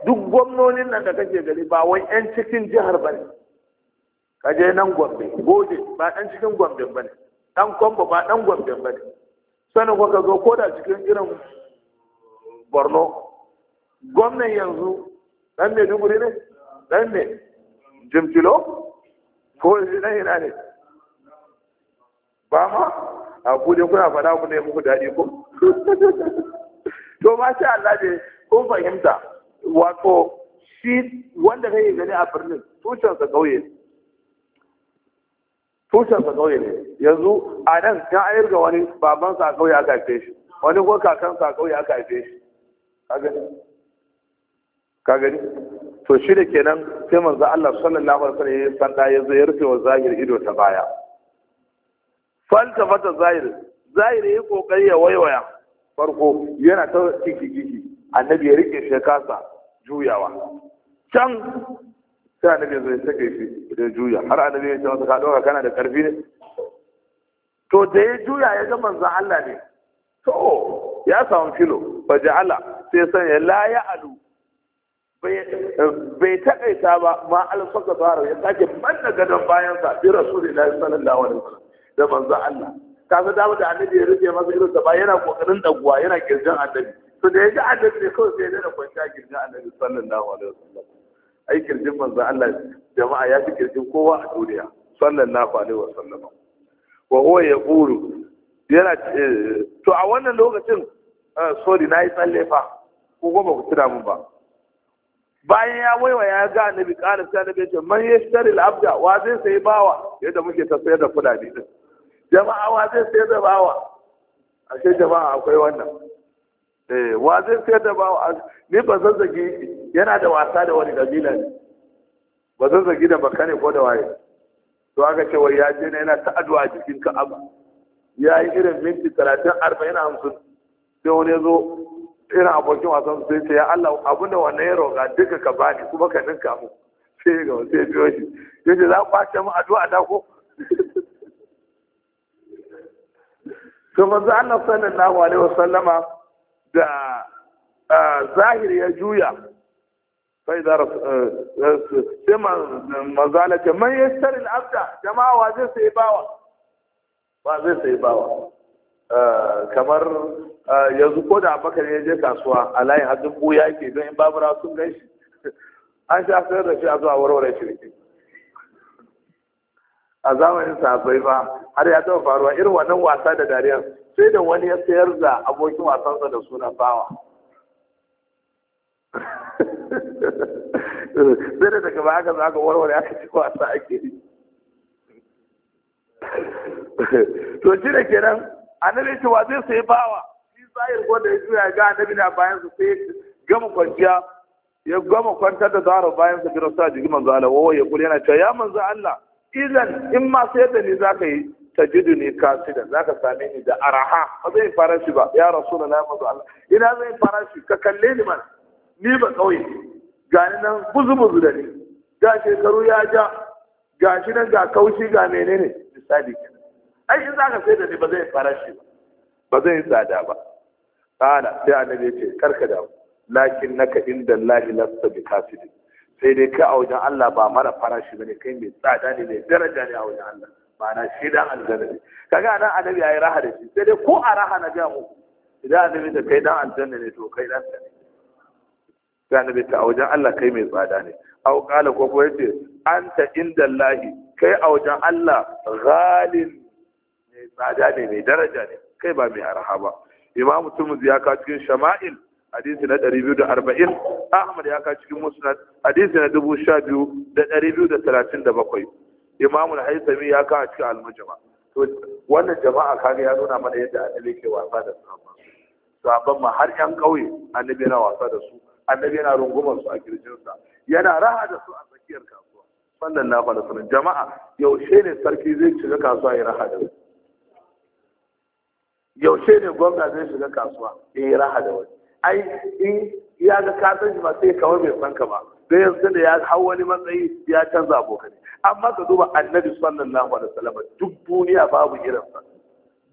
duk gwamnonin nan da kake gari ba wai yan cikin jihar ba ne ka je nan gombe gode ba dan cikin gombe ba ne dan kwambo ba dan gombe ba ne sanin kuka zo ko da cikin irin borno gwamnan yanzu dan maiduguri ne ɗan ne jimtilo ko na ina ne ba ma a kuɗe kuna faɗa ku ne muku daɗi ko [LAUGHS] to ma sha Allah ne kun fahimta wato shi wanda kai gani a birnin tushensa ƙauye tushensa ƙauye ne yanzu a nan ta ayar ga wani babansa a ƙauye aka haife shi wani ko kakan a ƙauye aka haife shi ka gani to shi da kenan sai manzo Allah sallallahu alaihi wasallam ya sanda ya zo ya rufe wa zahir ido ta baya Fal ta fata zahir zahir ya kokari ya waiwaya farko yana ta kiki kiki annabi ya rike shi kasa juyawa can sai annabi zai take shi da juya har annabi ya ce masa ka dauka kana da karfi ne to da ya juya ya ga manzo Allah ne to ya samu filo fa ja'ala sai sanya la ya'alu Eh, bai taƙaita ba ma alfaka baro ya sake manna gadon bayansa bi rasulillahi sallallahu alaihi wasallam da manzo Allah kaga dawo da annabi ya rufe masa irin ba yana kokarin daguwa yana girgin annabi to da yaji annabi ne kawai sai da kwanta girgin annabi sallallahu alaihi wasallam ai girgin manzo Allah jama'a ya fi girgin kowa a duniya sallallahu alaihi wasallam wa huwa yaqulu yana eh, to a wannan lokacin eh, sorry yi tsalle fa ko goma ku tuna mun ba bayan ya waiwa ya ga annabi ƙara sai annabi ce man yashtari al-abda wa zai sai bawa yadda muke ta sayar da kudade din jama'a wa zai sayar da bawa ashe jama'a akwai wannan eh wa zai sayar da bawa ni ba zazzagi yana da wasa da wani kabila ne ba zazzagi da baka ne ko da waye to aka ce wai ya je ne yana ta addu'a jikin ka'aba ya yi irin minti talatin arba'in hamsin sai wani ya zo irin abokin wasan sai ce ya Allah da wannan ya roƙa duka ka bani kuma ka ninka mu sai ga ya biyo shi yace za ku kwace mu addu'a da ko [LAUGHS] to manzo Allah sallallahu alaihi sallama da zahiri ya juya eh, sai da sai manzo Allah ce man yastar al-abda jama'a wa zai sai bawa ba zai sai bawa Eh, kamar eh, yanzu ko da abakar ya je kasuwa a layin hajjin buya yake don in babura sun gan shi an sha sayar da shi a zuwa warware shirki a zamanin sabai ba har ya taɓa faruwa irin wannan wasa da dariyar sai da wani ya sayar da abokin wasansa da suna bawa [LAUGHS] sai da daga baka za ka warware aka ci wasa ake yi [LAUGHS] to shi da kenan annabi ce wa zai sai bawa shi zahir da ya juya ga annabi na bayan su sai gama kwanciya ya gama kwantar da zaro bayan su bira sa jigi manzo Allah wawa ya kula yana cewa ya manzo Allah idan in ma sai da ni zaka yi tajidu ni kasida zaka same ni da araha ba zai fara shi ba ya ya manzo Allah ina zai fara shi ka kalle ni ma ni ba kauye gani nan buzu buzu da ni ga shekaru ya ja gashi nan ga kaushi ga menene misali kenan ai in za ka sai da ni ba zai farashi ba ba zai tsada ba kala sai annabi ce karka da lakin naka inda lahi lasta bi kafiri sai dai ka a wajen Allah ba mara farashi bane kai mai tsada ne mai daraja ne a wajen Allah na shi dan aljanna ne kaga nan annabi yayi raha da shi sai dai ko a raha na ga mu idan annabi ta kai dan aljanna ne to kai dan ne sai annabi ta a wajen Allah kai mai tsada ne au kala ko ko yace anta inda lahi kai a wajen Allah ghalin mai tsada ne mai daraja ne kai ba mai araha ba imamu turmuzi ya kawo cikin shama'il hadisi na 240 ahmad ya kawo cikin musnad hadisi na 12,237 imamu na haisami ya kawo cikin almujama to wannan jama'a kare ya nuna mana yadda annabi ke wasa da a sahabban ma har yan kauye annabi yana wasa da su annabi yana rungumar su a sa yana raha da su a tsakiyar kasuwa Wannan na faɗa sunan jama'a yaushe ne sarki zai shiga kasuwa ya raha da su yaushe ne gwamna zai shiga kasuwa in eh, yi raha da wani ai in ya ga kasan shi ba sai kawai bai san ka ba don yanzu da ya hau wani matsayi ya canza abokai. amma ka duba annabi sallallahu alaihi wasallam duk duniya babu irinsa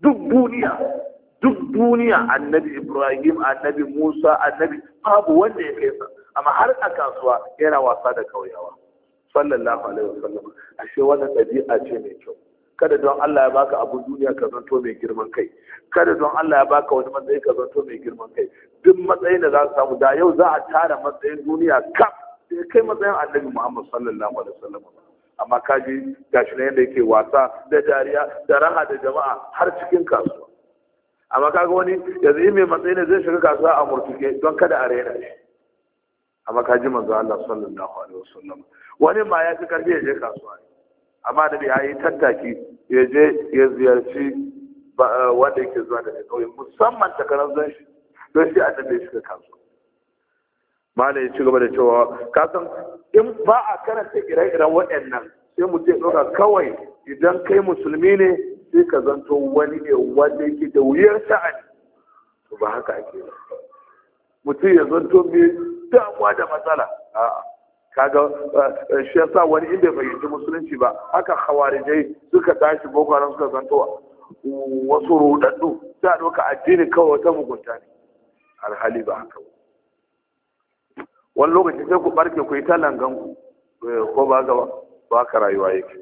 duk duniya duk duniya annabi ibrahim annabi musa annabi babu wanda ya kai sa amma har a kasuwa yana wasa da kauyawa sallallahu alaihi wasallam ashe wannan ɗabi'a ce mai kyau kada don Allah ya baka abu duniya ka zanto mai girman kai kada don Allah ya baka wani matsayi ka zanto mai girman kai duk matsayin da za ka samu da yau za a tara matsayin duniya kaf sai kai matsayin annabi Muhammad sallallahu alaihi wasallam amma ji gashi ne yadda yake wasa da dariya da raha da jama'a har cikin kasuwa amma kaga wani yanzu in mai matsayi ne zai shiga kasuwa a murtuke don kada a raina shi amma ka ji manzo Allah sallallahu alaihi wasallam wani ma ya fi karfi ya je kasuwa ne amma da ya yi tattaki ya je ya ziyarci eh, wanda yake zuwa da kauye musamman takarar zan shi don shi a da shi kansu malai ya ci gaba da cewa kasan in ba a karanta ire-iren waɗannan sai mu ce ɗora kawai idan kai musulmi ne sai ka zanto wani ne wanda yake da wuyar sha'ani to ba haka ake ba mutum ya zanto mai damuwa da matsala a'a kaga eh, eh, shi yasa wani inda bai fahimci musulunci ba haka hawarijai suka tashi boko haram suka zanto wasu rudaddu sai doka ɗauka addini kawai wata mugunta ne alhali ba haka wani lokaci sai ku barke ku yi ta langan eh, ko ba gaba ba ka rayuwa yake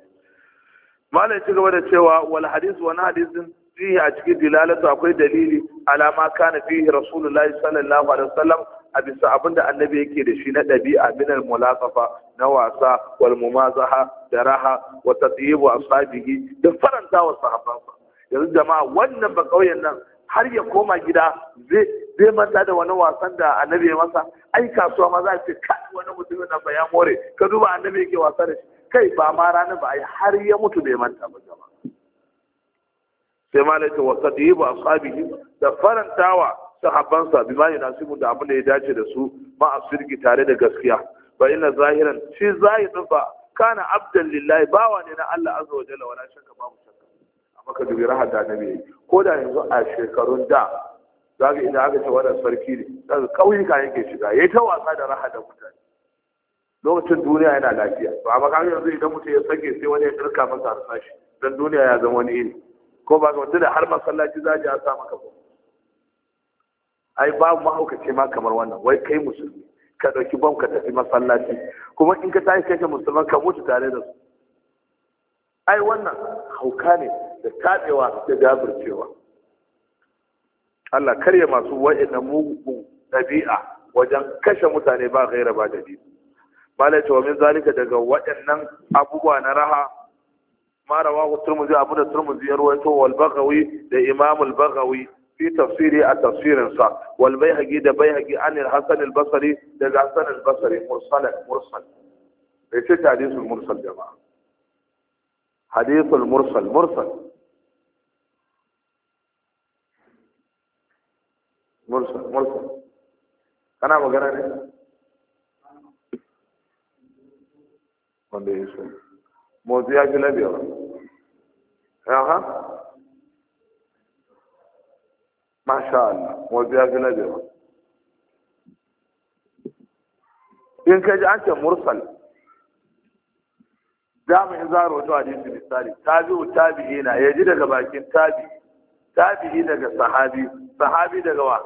malai ci gaba da cewa wal hadis wani hadisin fihi a cikin dilalatu akwai dalili alama kana fihi rasulullahi sallallahu alaihi wasallam a bisa abin da annabi yake da shi na ɗabi'a min al-mulaqafa na wasa wal mumazaha da raha wa tatyibu ashabihi da faranta wa sahabbansa yanzu jama'a wannan ba kauyen nan har ya koma gida zai zai manta da wani wasan da annabi ya masa ai kasuwa ma za a ce kai wani mutum na ba ya more ka duba annabi yake wasa da shi kai ba ma rana ba ai har ya mutu bai manta ba jama'a sai malaka wa tatyibu ashabihi da farantawa sahabbansa bima yunasibu da abin da ya dace da su ma a sirki tare da gaskiya ba ina zahiran shi zahirin ba kana abdan lillahi bawa ne na Allah azza wa jalla wala shakka babu shakka amma ka dubi rahar da nabi ko da yanzu a shekarun da zaka idan aka ce wannan sarki ne zaka kauyuka yake shiga yayi ta wasa da raha da mutane lokacin duniya yana lafiya to amma kan yanzu idan mutum ya sake sai wani ya dirka masa harsashi dan duniya ya zama wani iri ko ba ka mutum da har masallaci za a sa maka ba ai babu mahaukaci ma kamar wannan wai kai musulmi ka ɗauki bom ka tafi masallaci kuma in ka tashi kai musulman ka mutu tare da su ai wannan hauka ne da taɓewa da jabircewa Allah karya masu wa'ina mugu ɗabi'a wajen kashe mutane ba gaira ba dalili malai cewa min zalika daga waɗannan abubuwa na raha ma rawahu turmuzi abu da turmuzi ya wal bagawi da Imamul bagawi في تفسيره التفسير الصح والبيهقي ده بيهقي عن الحسن البصري ده الحسن البصري مرسل مرسل ايش حديث المرسل يا جماعه حديث المرسل مرسل مرسل مرسل انا magana ne wanda ya so motsi ya ها masha Allah wa biya gina biya in ka ji an ce mursal jami'in za a rotu hadisi misali tabi'u tabi'i na ya ji daga bakin tabi tabi'i daga sahabi sahabi daga wa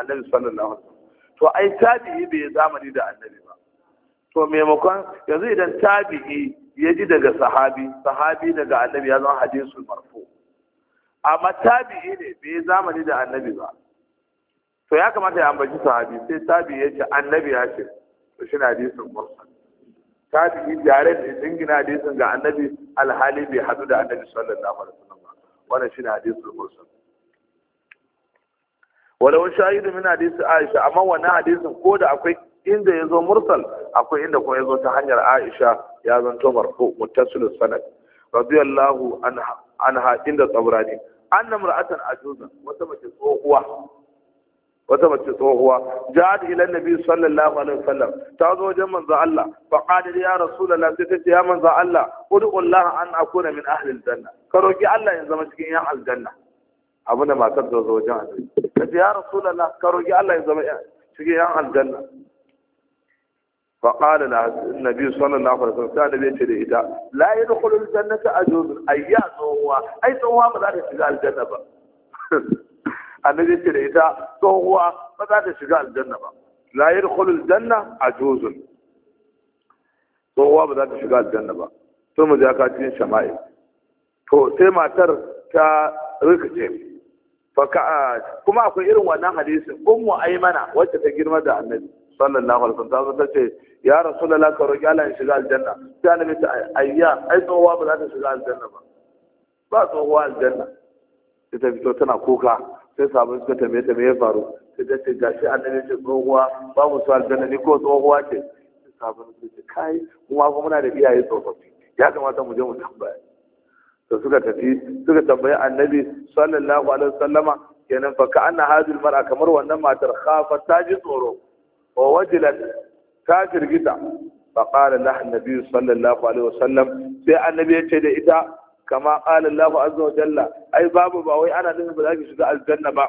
annabi sallallahu alaihi to ai tabi'i bai zamani da annabi ba to maimakon yanzu idan tabi'i ya ji daga sahabi sahabi daga annabi ya zama hadisul marfu' amma tabi'i ne bai zamani da annabi ba to ya kamata ya ambaci sahabi sai tabi'i ya ce annabi ya ce to shi na hadisin mursal yi tare da dingina hadisin ga annabi alhali bai hadu da annabi sallallahu alaihi wasallam ba wannan shi na hadisin mursal walau shahidu min hadisi Aisha amma wannan hadisin ko da akwai inda ya zo mursal akwai inda kuma ya zo ta hanyar Aisha ya zanto marfu muttasil sanad radiyallahu anha anha inda tsabrani anna mar'atan ajuza wata mace tsohuwa wata mace tsohuwa ja'at ila nabi sallallahu alaihi wasallam ta zo wajen manzo Allah fa qala ya rasulullah sai ta ce ya manzo Allah ud'ullah an akuna min ahli aljanna ka roki Allah ya zama cikin yan aljanna abinda matar ta zo wajen Allah ta ce ya rasulullah ka roki Allah ya zama cikin yan aljanna فقال لها النبي صلى الله عليه وسلم كان بيت لإيتا لا يدخل الجنة أجوز أيام هو أي سوى ما ذات شجاع الجنة با. النبي بيت لإيتا سوى ما ذات شجاع الجنة با. لا يدخل الجنة أجوز سوى ما ذات شجاع الجنة با. ثم جاء كاتين شمائل to sai matar ta rikice kuma akwai irin wannan hadisin ummu aimana wacce ta girma da annabi sallallahu alaihi wasallam ta ce ya rasulullah ka roƙi, Allah ya shiga aljanna sai nabi ta ayya ai tsohuwa ba za ta shiga aljanna ba ba tsohuwa aljanna sai ta fito tana kuka sai sabon suka mai ta mai ya faru sai ta ce gashi annabi ce tsohuwa ba mu su aljanna ni ko tsohuwa ce Sai sabon suka ce kai kuma ko muna da iyaye tsofaffi ya kamata mu je mu tambaya da suka tafi suka tambayi annabi sallallahu alaihi wasallama kenan fa ka anna hadhihi almar'a kamar wannan matar khafa ta ji tsoro wa wajilat Ka jirgita fa qala laha annabi sallallahu alaihi wasallam sai annabi ya ce da ita kama qala Allahu azza wa jalla ai babu ba wai ana nufin ba za ki shiga aljanna ba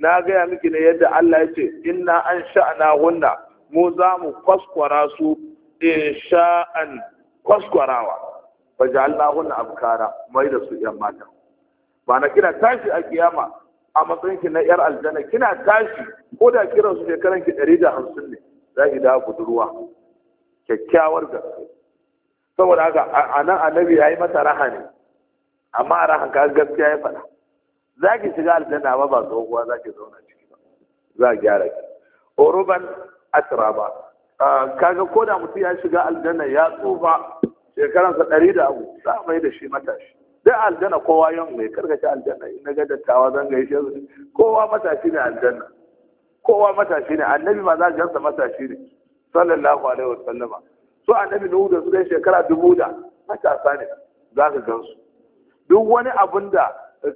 na gaya miki ne yadda Allah ya ce inna an sha'ana hunna mu za mu kwaskwara su in sha'an kwaskwarawa fa ja'alna hunna abkara mai da su yan mata ba na tashi a kiyama a matsayin ki na yar aljanna kina tashi ko da kiran su shekaran ki 150 ne zahida budurwa kyakkyawar gaske saboda haka a nan annabi ya yi mata raha ne amma a rahan ka gaskiya ya faɗa za ki shiga aljanna ba ba tsohuwa za ki zauna ciki ba za a gyara ki uruban asraba kaga ko da mutum ya shiga aljanna ya tsufa shekaransa ɗari da abu za a mai da shi matashi dai aljanna kowa yan mai karkace aljanna in na ga dattawa zan gaishe su kowa matashi ne aljanna kowa matashi ne annabi ma za a gansa matashi ne sallallahu alaihi wasallama So annabi nuhu da su dai shekara dubu da matasa ne za ka gansu duk wani abin da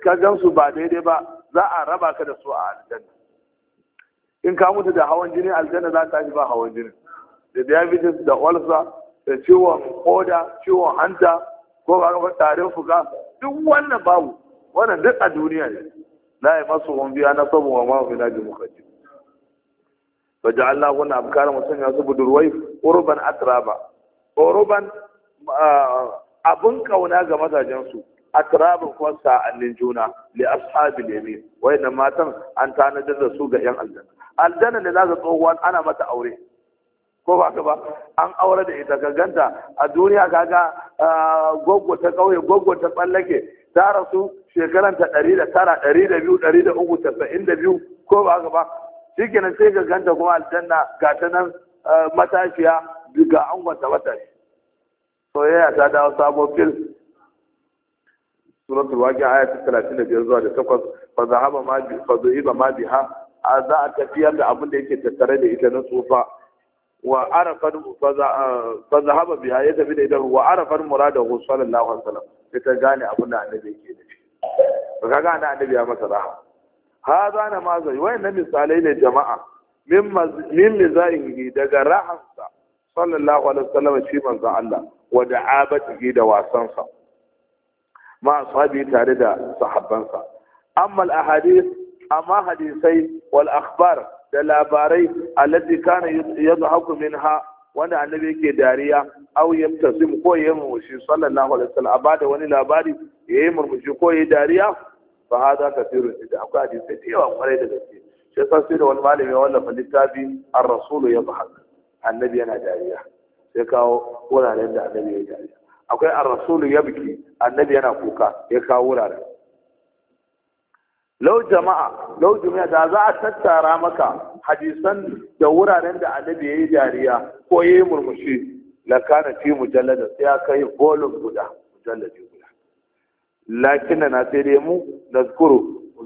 ka gansu ba daidai ba za a raba ka da su a aljanna in ka mutu da hawan jini aljanna za ta ba hawan jini da diabetes da ulcer da ciwon koda ciwon hanta ko ba tarin fuka duk wannan babu wannan duk a duniya ne la yi masu biya na saboda ma mafi na ji na فجعلنا هن أبكارا وسنيا بدروي أوربا أترابا أوربا abin kauna ga mazajensu a turabin kuwa sa'annin juna li ashabil Wai wayanda matan an tanadar da su ga yan aljanna aljanna ne za ka tsohuwa ana mata aure ko ba ka ba an aure da ita ka ganta a duniya kaga goggo ta kauye goggo ta tsallake ta rasu shekaran ta ɗari da tara ɗari da biyu ɗari da uku tasa'in da biyu ko ba ka ba shi kenan sai ka ganta kuma aljanna ga ta nan eh, matashiya ga angonta matashi soyayya ta dawo sabon fil suratul waqi'a aya ta 35 zuwa da 8 fa zahaba ma bi fa zuhiba ma biha a za a tafiyar da abin da yake tattare da ita na tsufa wa arafar eh, fa zahaba biha ya tafi da ita wa arafar muradahu sallallahu alaihi wasallam ita gane abin da annabi yake nufi ka ana annabi ya masa rahama haza na mazai na misalai ne jama'a min yi daga rahansa sallallahu alaihi wasallam shi manzo Allah wa da'abatihi da wasansa ma sabi tare da sahabbansa amma al-ahadith amma hadisai wal akhbar da labarai allati kana yadhaku minha wanda annabi yake dariya aw yamtasim ko yayin mushi sallallahu alaihi wasallam abada wani labari yayi murmushi ko yayi dariya fa hada kathirun jidda akwai hadisi da yawa kwarai da gaske shi yasa sai da wani malami ya wallafa littafi ar-rasulu yadhhak annabi yana dariya sai kawo wuraren da annabi ya dariya akwai ar-rasulu biki annabi yana kuka ya kawo wuraren lau jama'a lau jami'a da za a tattara maka hadisan da wuraren da annabi ya yi dariya ko ya yi murmushi la kana fi mujalladin sai ya kai volume guda mujalladi lakinna na sai dai mu nazkuru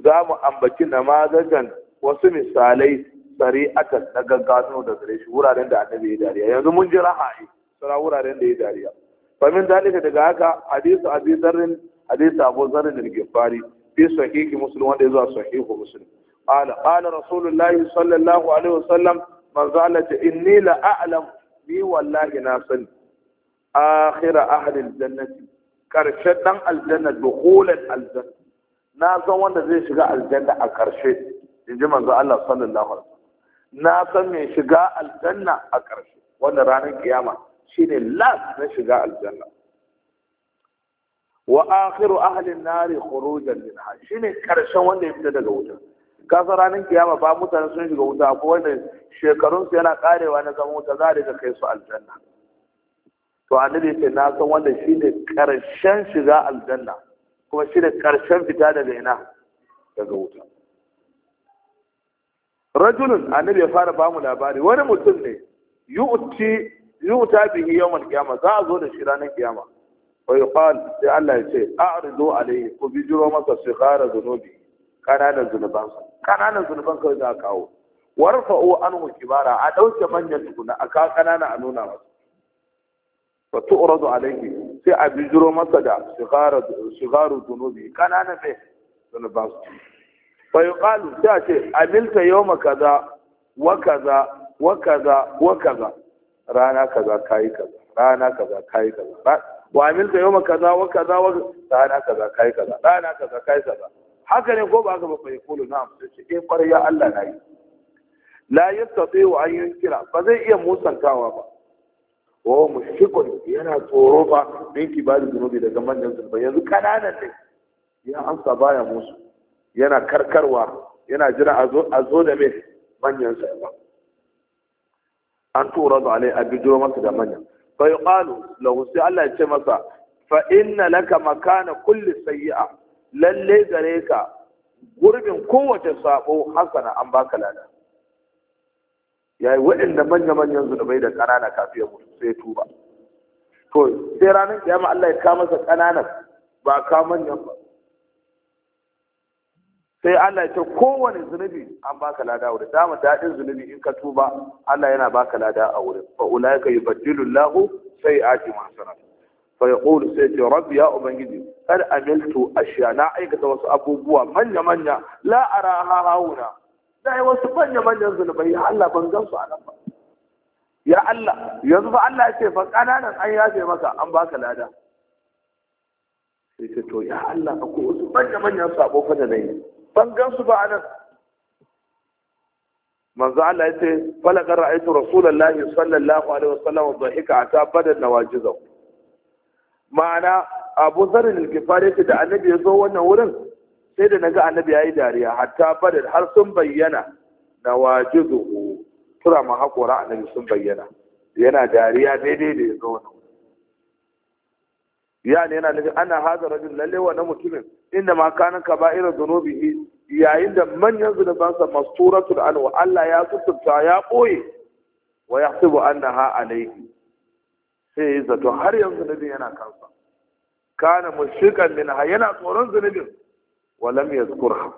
za mu ambaci namazan wasu misalai tsari aka na gaggano da gare shi wuraren da annabi ya dariya yanzu mun ji raha'i sara wuraren da ya dariya min dalika daga haka hadisu abi zarrin hadisu abu zarrin al-gifari fi sahihi muslim wanda yazo sahihu muslim qala qala rasulullahi sallallahu alaihi wasallam man zalata inni la a'lam bi wallahi na sani akhira ahli al-jannati Karshen ɗan aljanna dukulan aljanna na san wanda zai shiga aljanna a ƙarshe in ji manzo Allah sallallahu alaihi na san mai shiga aljanna a ƙarshe wanda ranar kiyama shine last na shiga aljanna wa akhiru ahli an-nar khurujan minha shine karshen wanda ya fita daga wuta kasa ranar kiyama ba mutane sun shiga wuta ko wanda shekarunsu yana karewa na zama wuta za a kai su aljanna to annabi sai na san wanda shi ne karshen shiga aljanna kuma shi ne karshen fita daga ina daga wuta rajulun annabi ya fara bamu labari wani mutum ne yu'ti yu'ta bihi yawmal qiyama za a zo da shi ranar kiyama wa yuqal sai Allah ya ce a'ridu alayhi ku bijiro masa shikhara zunubi kananan zunuban kananan zunuban kai za a kawo warfa'u anhu kibara a dauke manyan tukuna a ka kanana a nuna masa fa tu'radu alayhi sai a bijiro masa da shigaru shigaru dunubi kanana ne dunuban su fa yuqalu sai a ce amilta yawma kaza wa kaza wa kaza wa kaza rana kaza kai kaza rana kaza kai kaza wa amilta yawma kaza wa kaza wa rana kaza kai kaza rana kaza kai kaza haka ne ko ba haka ba fa yaqulu na'am sai shi? eh ya Allah nayi la yastati wa an yunkira ba zai iya musantawa ba wa mushkikun yana tsoro fa bin kibari zunubi daga manyan zunubai yanzu kananan ne ya amsa baya musu yana karkarwa yana jira a zo da mai manyan sa ba an tura da alai a bijiro masa da manyan fa yuqalu lahu sai Allah ya ce masa fa inna laka makana kulli sayyi'a lalle gare ka gurbin kowace sabo hasana an baka lada Yayi waɗanda manya-manyan zunubai da ƙanana kafin ya mutu sai tuba to sai ranar kiyama Allah ya kama masa ƙananan ba ka manyan ba sai Allah ya ce kowane zunubi an baka lada wurin dama daɗin zunubi in ka tuba Allah yana baka lada a wurin fa ulaika yubaddilu Allahu sai ma sanat fa yaqulu sai ce rabbi ya ubangiji kad amiltu ashiya na aikata wasu abubuwa manya manya la araha hauna sai wasu manya-manyan zunubai ya Allah ban gan su a nan ba ya Allah yanzu fa Allah ya ce fa ƙananan an yafe maka an baka lada sai ce to ya Allah akwai wasu manya-manyan sabo fa da na ban gan su ba a nan manzo Allah ya ce falaka ra'aytu rasulullahi sallallahu alaihi wasallam dhahika ata badan nawajizahu ma'ana Abu Zarin al-Ghifari da annabi ya zo wannan wurin sai da naga annabi yayi dariya hatta badar har sun bayyana nawajiduhu tura ma hakora annabi sun bayyana yana dariya daidai da ya zauna yana nufin ana hada rajul lalle wa na mutumin inda ma kanan ka ba irin zunubi yayin da manyan sa zunubansa masturatul anwa Allah ya sutunta ya boye wa yahsibu annaha alayhi sai ya zato har yanzu nabi yana kansa kana mushrikan ha, yana tsoron zunubin walam yazkurha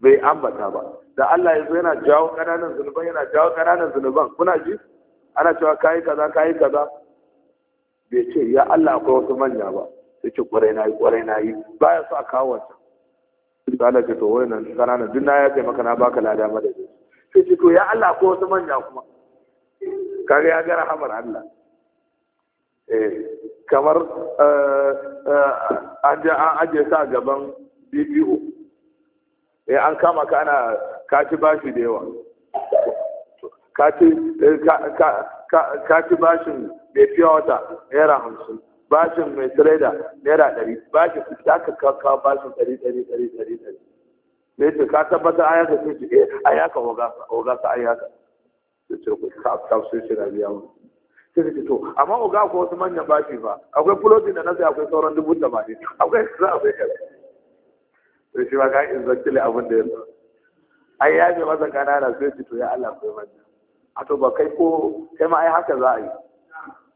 bai ambata ba da Allah yazo yana jawo kananan zunuban yana jawo kananan zunuban kuna ji ana cewa kai kaza kai kaza bai ce ya Allah akwai wasu manya ba sai ce kwarai nayi kwarai nayi baya so a kawo wata sai Allah ce to wayannan kananan duk na ya ce maka na baka lada madadi sai ce to ya Allah akwai wasu manya kuma Kare ya ga rahamar Allah Eh, kamar eh, eh, an ajiye sa gaban e an kama ka ana kaci bashi da yawa kaci bashin mai fiye wata naira hamsin bashin mai trader naira ɗari bashin ta ka kawo bashin ɗari ɗari ɗari ɗari ɗari ne ce ka tabbatar an yaka sun ce a an yaka ogasa an yaka sun ce ku ka sai shi na biya wani sai su to amma uga akwai wasu manyan bashi ba akwai fulotin da na sai akwai sauran dubu ne. [LAUGHS] akwai za a sai shi ba ka in zattile abin da ya zo ai ya ce masa kanana sai su to ya Allah kai manya a to ba kai ko kai ma ai haka za a yi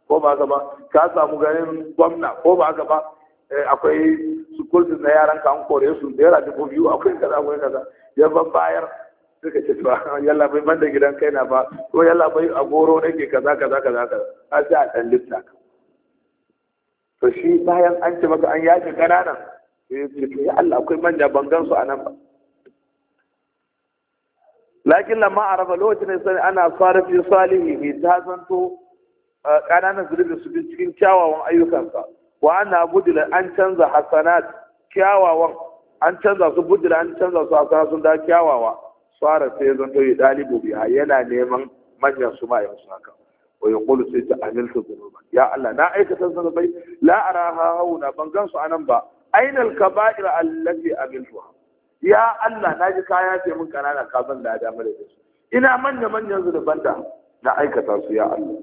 ko ba haka ba ka samu ganin gwamna ko ba haka ba eh, akwai sukultin na yaran ka an kore su yara dubu biyu akwai kaza akwai kaza ya ban bayar suka ce ba yalla bai banda gidan kai na ba ko yalla bai a goro nake kaza kaza kaza kaza har sai a dan lifta to shi bayan an ce maka an yaje kanana sai ce ya Allah akwai manja ban gan su anan ba lakin lamma arafa lokacin sai ana fara fi salihi bi ta zanto kananan zulubi su bi cikin kyawawan ayyukansa wa ana budila an canza hasanat kyawawan an canza su budila an canza su hasanat sun da kyawawa sara sai zan to ɗalibu biya yana neman manyan su ma ya musu haka wa kulu sai ta amiltu zunuba ya Allah na aikata zunubai la ha hauna ban gan su anan ba aina al-kaba'ir allati amiltuha ya Allah na ji kaya ce mun kanana ka ban da dama da su ina manya manyan zunuban da na aikata su ya Allah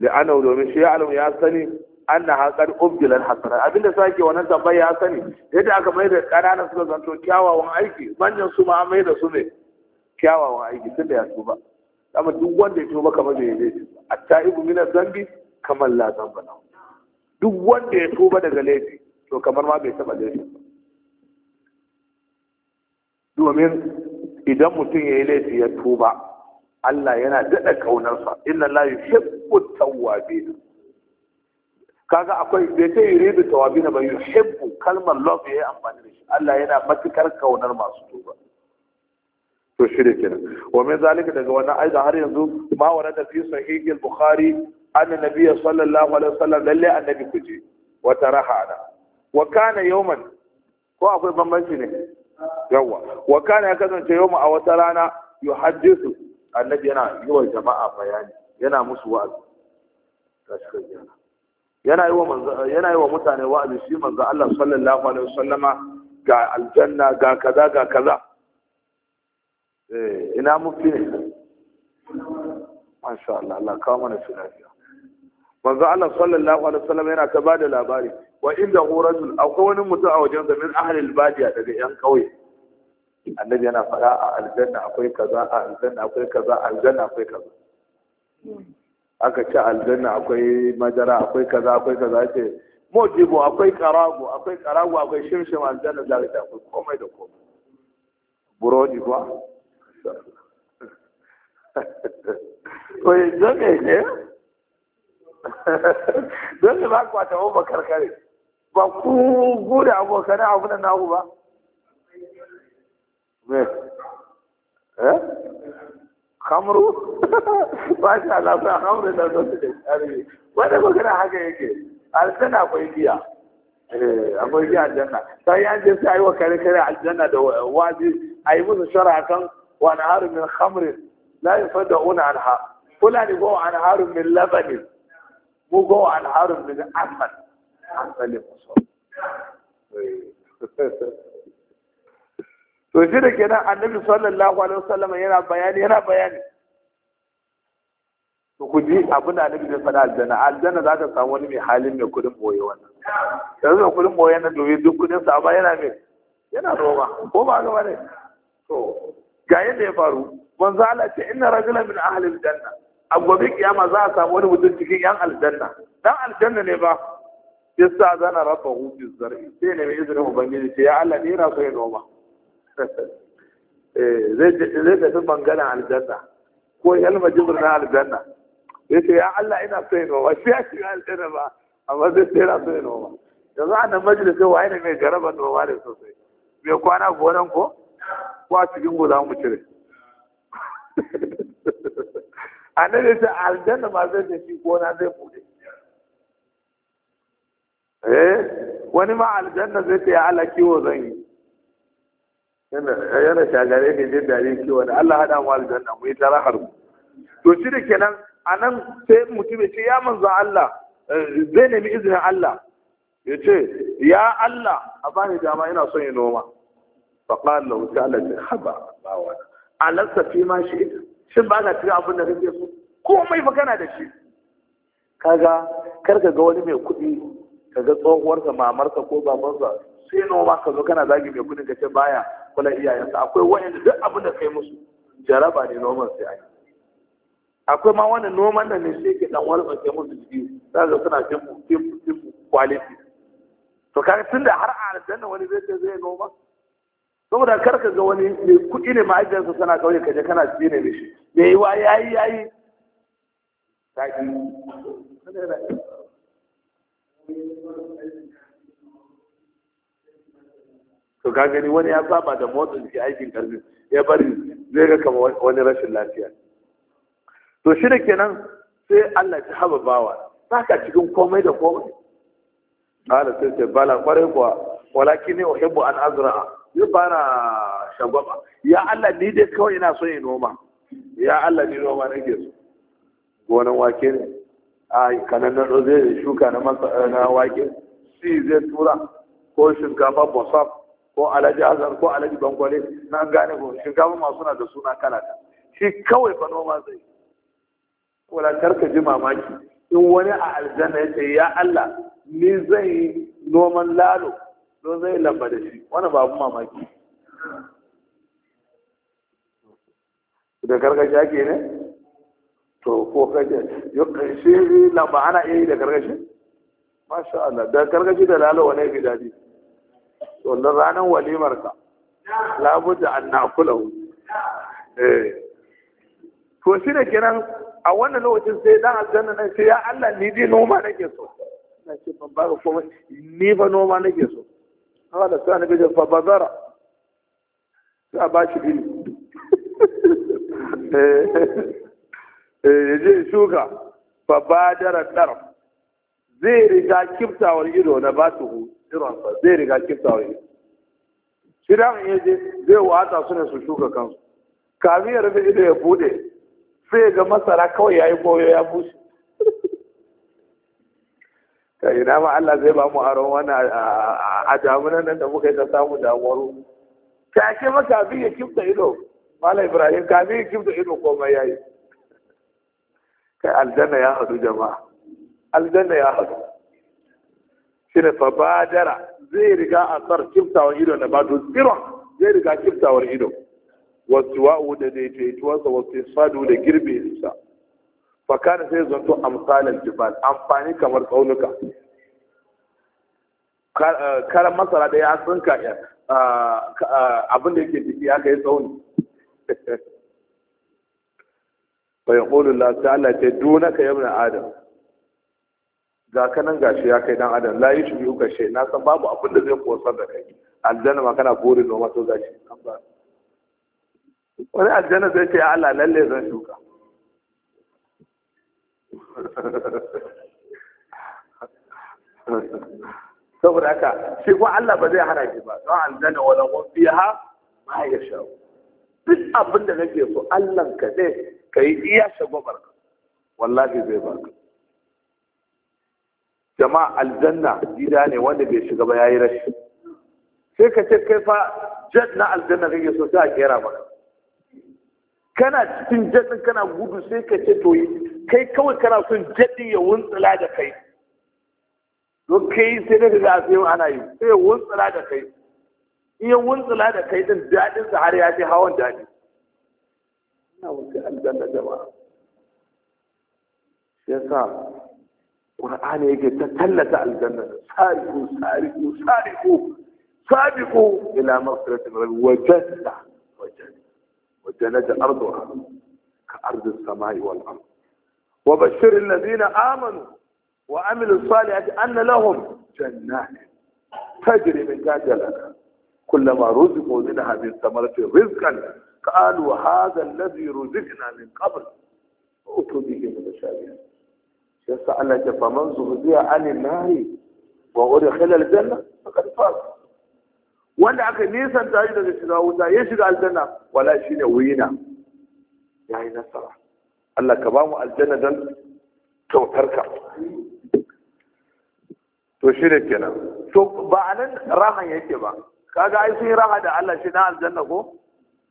la'ana domin shi ya alamu ya sani anna haƙar ubdilan hasana abinda sake wani tambayi ya sani yadda aka mai da ƙananan suka zanto kyawawan aiki manyan su ma an mai da su ne kyawawan aiki da ya tuba amma duk wanda ya tuba kamar bai yi ta ibu mina zambi kamar la zamba na duk wanda ya tuba daga laifi to kamar ma bai taɓa laifi domin idan mutum ya yi laifi ya tuba Allah yana daɗa ƙaunarsa inna la yuhibbu tawwabin kaga akwai bai ce yuridu tawabina ba yuhibbu kalmar love yayi amfani da shi Allah yana matukar kaunar masu tuba to shi da kenan wa min zalika daga wannan aida har yanzu ma warada fi sahih al-bukhari anna nabiyya sallallahu alaihi wasallam lalle annabi kuje wa tarahana wa kana yawman ko akwai bambanci ne yawa wa kana ya kasance yawma a wata rana yuhaddisu annabi yana yi wa jama'a bayani yana musu wa'azi kashi kai yana yana yi wa wa mutane wa'azi shi manzo Allah sallallahu alaihi wasallama ga aljanna ga kaza ga kaza eh ina mufti ne masha Allah Allah kawo mana shi lafiya manzo Allah sallallahu alaihi wasallama yana ta bada labari wa inda rajul akwai wani mutum a wajen min ahli badiya daga yan kauye annabi yana fara a aljanna akwai kaza a aljanna akwai kaza a aljanna akwai kaza aka ci aljanna akwai madara akwai kaza akwai kaza ce mojibo akwai karago akwai karago akwai shimshim aljanna da ta akwai komai da komai burodi ba oye jami ne [LAUGHS] don ne ba ku ta ba karkare ba ku gure abokan abu na nahu ba eh kamru ba [LAUGHS] shi alaƙa kamru da zai da ƙarfi wanda magana haka yake aljanna akwai giya eh, akwai giya aljanna sai ya je sai wa kare kare aljanna da wazi ayi musu shara kan wa naharu min khamrin la yafaduna anha fulani go anharu min labani mu go anharu min asal asal musa eh. [LAUGHS] to shi da kenan annabi sallallahu alaihi wasallam yana bayani yana bayani to ku ji abin da annabi zai faɗa aljanna aljanna za ta samu wani mai halin mai kudin boye wannan yanzu da kudin boye na domin duk kudin sa amma yana mai yana roba ko ba ga bane to ga yadda ya faru manzo Allah ce inna rajulan min ahli aljanna a gobe kiyama za a samu wani mutum cikin yan aljanna dan aljanna ne ba sa zana rabbahu bi zar'i sai ne mai izinin ubangiji ce ya Allah ne yana so ya noma [LAUGHS] Eh, zai tafi bangaren aljanna ko yalma jibir na aljanna ya ce ya Allah ina so yin noma shi ya shiga aljanna ba amma zai tsira so yin noma yanzu a nan majalisar waye ne mai garaban noma ne sosai mai kwana gonan ko ko a cikin go za mu cire a [LAUGHS] nan ya ce aljanna ma zai tafi gona zai bude eh wani ma aljanna zai ce ya Allah kiwo zan yi yana shagare ne jin dare ke wani Allah haɗa mu aljanna mu yi ta rahar mu to shi da kenan a nan sai mutum ya ce ya manzo Allah eh, zai nemi izinin Allah ya ce ya Allah a bani dama ina son yi noma faƙalar lahu ta Allah ta haba bawa alasta fi ma shi shin ba ka cikin abin da kake so komai fa kana da shi kaga kar ka ga wani mai kuɗi ka ga tsohuwarsa mamarsa ko babansa sai noma ka zo kana zagi mai kuɗin ka ce baya kula iyayensa akwai wa'anda duk abin da kai musu jaraba ne noman sai ai akwai ma wani noman da ne sai ke dan wani ke musu jiki za ga suna fimfu fimfu fimfu quality to kaga tunda har a aljanna wani zai ce zai noma saboda kar ka ga wani mai kuɗi ne ma'aikatarsa kana kauye kaje kana ci ne da shi me yi wa yayi yayi taki to ka gani wani ya saba da motsa jiki aikin karfi ya bari zai ga kama wani rashin lafiya to shi da kenan sai Allah ta haba bawa saka cikin komai da komai ala sai ce bala kwarai kuwa walakin ne uhibbu an azra ya fara shagwaba ya Allah ni dai kawai ina so yi noma ya Allah ni noma nake so gonan wake ne a kanan na zai shuka na wake shi zai tura ko shinkafa bosaf ko alhaji azar ko alhaji bankwale na an gane ko shinkafa masu na da suna kala shi kawai fa noma zai wala ka ji mamaki in wani a aljanna ya ce ya Allah ni zai yi noman lalo don zai lamba da shi wani babu mamaki da gargajiya ke ne to ko kaje shi lamba ana iya yi da gargajiya masha Allah da gargajiya da lalo wani ya fi daɗi wannan ranar walimar ka labuja an nakulahu eh to shi da kiran a wannan lokacin sai dan aljanna nan sai ya Allah ni dai noma nake so na ce ban ba ka komai ni ba noma nake so Allah da annabi ya fa bazara sai a bashi bini [LAUGHS] E, je shuka fa dara dar zai riga kiftawar ido na ba su irinsa zai riga kiftawa yi shi in yaje zai wata su ne su shuka kansu Kamiyar ya rufe ido ya bude sai ga masara kawai ya yi goyo ya bushe ta [LAUGHS] ina ma Allah zai ba mu aron wani a damunan nan da muka yi ta samu damuwar ta ke ma bi ya kifta ido mala ibrahim bi ya kifta ido komai ya yi kai aljanna ya haɗu jama'a aljanna ya haɗu fa badara zai riga a tsar kiftawar ido na ba to tsiron zai riga kiftawar ido wasu wa'u da daidaituwarsa wasu fadu da girbe sa kana sai zanto amsalin jibal amfani kamar tsaunuka eh, kar masara da ya tsinka eh, eh, abin da yake jiki aka yi tsauni Bayan [LAUGHS] hulu la ta Allah ce dunaka yabna adam ga kanan gashi ya kai dan adam la yi shi yuka shi na san babu abin da zai kosar da kai aljanna ma kana no noma to gashi an ba wani aljanna zai ce Allah lalle zan shuka [LAUGHS] saboda haka shi ko Allah ba zai hana shi ba don aljanna wala wafiha ma ya sha duk abin da nake so Allah ka dai kai iya shagobar wallahi zai baka jama'a aljanna gida ne wanda bai shiga ba yayi rashi sai ka ce kai fa jet na aljanna kake so sai a kera maka kana cikin jet kana gudu sai ka ce to kai kawai kana son jet din ya wuntsula da kai don kai sai da ga a ana yi sai ya wuntsula da kai in ya wuntsula da kai din dadin sa har ya ce hawan daɗi ina wuce aljanna jama'a yasa قرآن يجي تتلت على الجنة سارقوا سارقوا سارقوا سارقوا إلى مغفرة الرب وجنة وجنة وجنة أرضها كأرض السماء والأرض وبشر الذين آمنوا وعملوا الصالحات أن لهم جنات تجري من تحتها كلما رزقوا منها من ثمرة رزقا قالوا هذا الذي رزقنا من قبل أتوا به متشابهة yasa Allah ya faman zuhziya anin nari wa udkhila janna faqad faz wanda aka nisan tare daga shiga wuta ya shiga aljanna wala shine wina yayi nasara Allah ka ba mu aljanna dan ka to shi ne kenan to ba a nan yake ba kaga ai sun raha da Allah shi na aljanna ko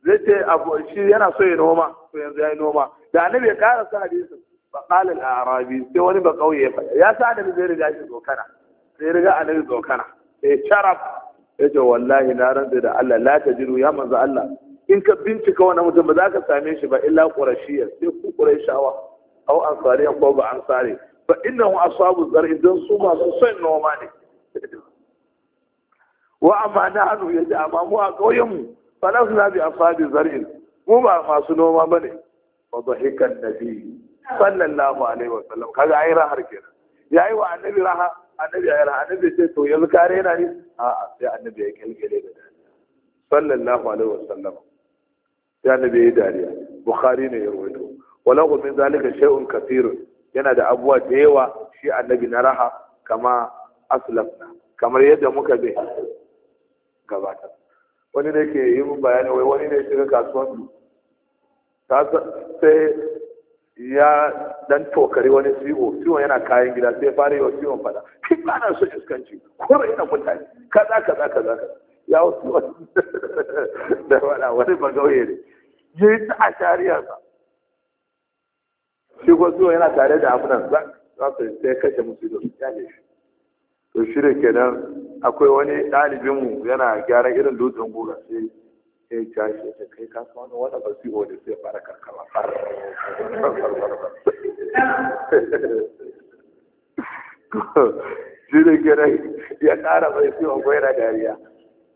zai ce abu shi yana so ya noma to yanzu ya yi noma da annabi ya karasa hadisin فقال الأعرابي سواني بقوية يا سعد اللي زي رجاء زوكنا زي رجاء أنا زوكنا شرب yace wallahi na rantsa da Allah la tajiru ya manzo Allah in ka bincika wannan mutum ba za ka same shi ba illa qurashiyya sai ku qurayshawa aw ansari ko ba ansari fa innahu ashabu zar'i dan su masu son noma ne wa amma nahnu yaji amma mu a kauyen mu falasna bi ashabi zar'in mu ba masu noma bane fa dhahikan nabi sallallahu alaihi wa sallam kaga ayi rahar kenan yayi wa annabi raha annabi ayi raha annabi ce to yanzu kare yana ni a sai annabi ya kalkale da dariya sallallahu alaihi wa sallam sai annabi ya dariya bukhari ne ya rawaito walahu min zalika shay'un kathir yana da abuwa da yawa shi annabi na raha kama aslafna kamar yadda muka bi gabata. wani ne ke yi mun bayani wai wani ne shiga kasuwan sai ya dan tokari wani siwo siwon yana kayan gida sai fara yau siwon fada kin ba na so iskanci ko yana mutane kaza kaza kaza ya wasu [LAUGHS] da wala wani bagauye ne je ta a shariyarsa shi ko siwon yana tare da abunan za su sai kashe musu da ya ne shi to shi da kenan akwai wani ɗalibinmu yana gyaran irin dutsen gura sai ya yi shi ta kai kasuwa wani wani basiro da sai fara karkara shi gira ya kara mai wa gwaira dariya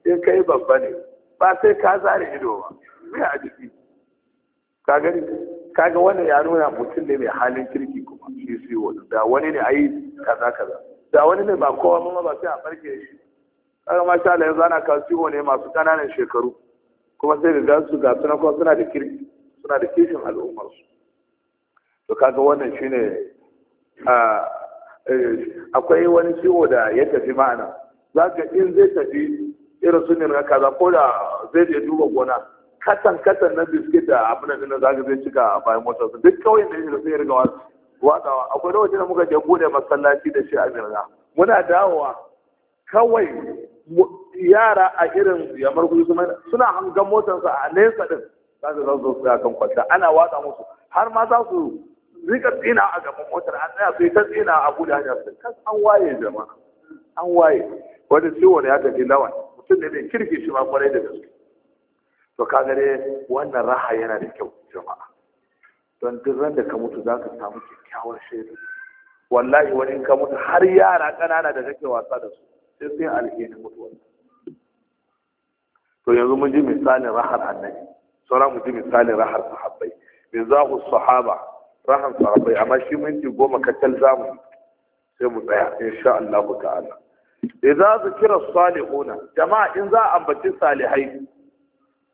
ya kai babba ne ba sai ka zare ido ba mai a jiki ka kaga wannan ya nuna mutum ne mai halin kirki kuma shi siwo da wani ne ayi kaza kaza da wani ne ba kowa ma ba sai a farke shi kaga masha Allah yanzu ana kan ne masu ƙananan shekaru kuma sai da su ga suna kuma suna da kirki suna da kishin su to kaga wannan shine eh, akwai wani ciwo da ya tafi ma'ana za ka in zai tafi irin su ne na kaza ko da zai je duba gona katan katan na biskit da abin da za ka zai cika bayan su duk kawai da ya sai ya riga wasu akwai lokacin da muka je bude masallaci da shi a mirna muna dawowa kawai yara a irin yamar gudu suna hangar motarsa a nesa din za su zo su kan kwanta ana watsa musu har ma za su rika tsina a gaban motar an tsaya sai ta tsina a abu da hanyar su kas an waye jama'a an waye wani ciwon ya tafi lawan mutum ne mai kirki shi ma kwarai da gaske to ka gare wannan raha yana da kyau jama'a don duk ran da ka mutu za ka samu kyakkyawar shaidu wallahi wani ka mutu har yara ƙanana da kake wasa da su sai sai alheri mutuwa to yanzu mun ji misalin rahar annabi saura mu ji misalin rahar sahabbai me za ku sahaba rahar sahabbai amma shi minti goma kacal za mu sai mu tsaya insha Allah ta'ala su kira salihuna jama'a in za a ambaci salihai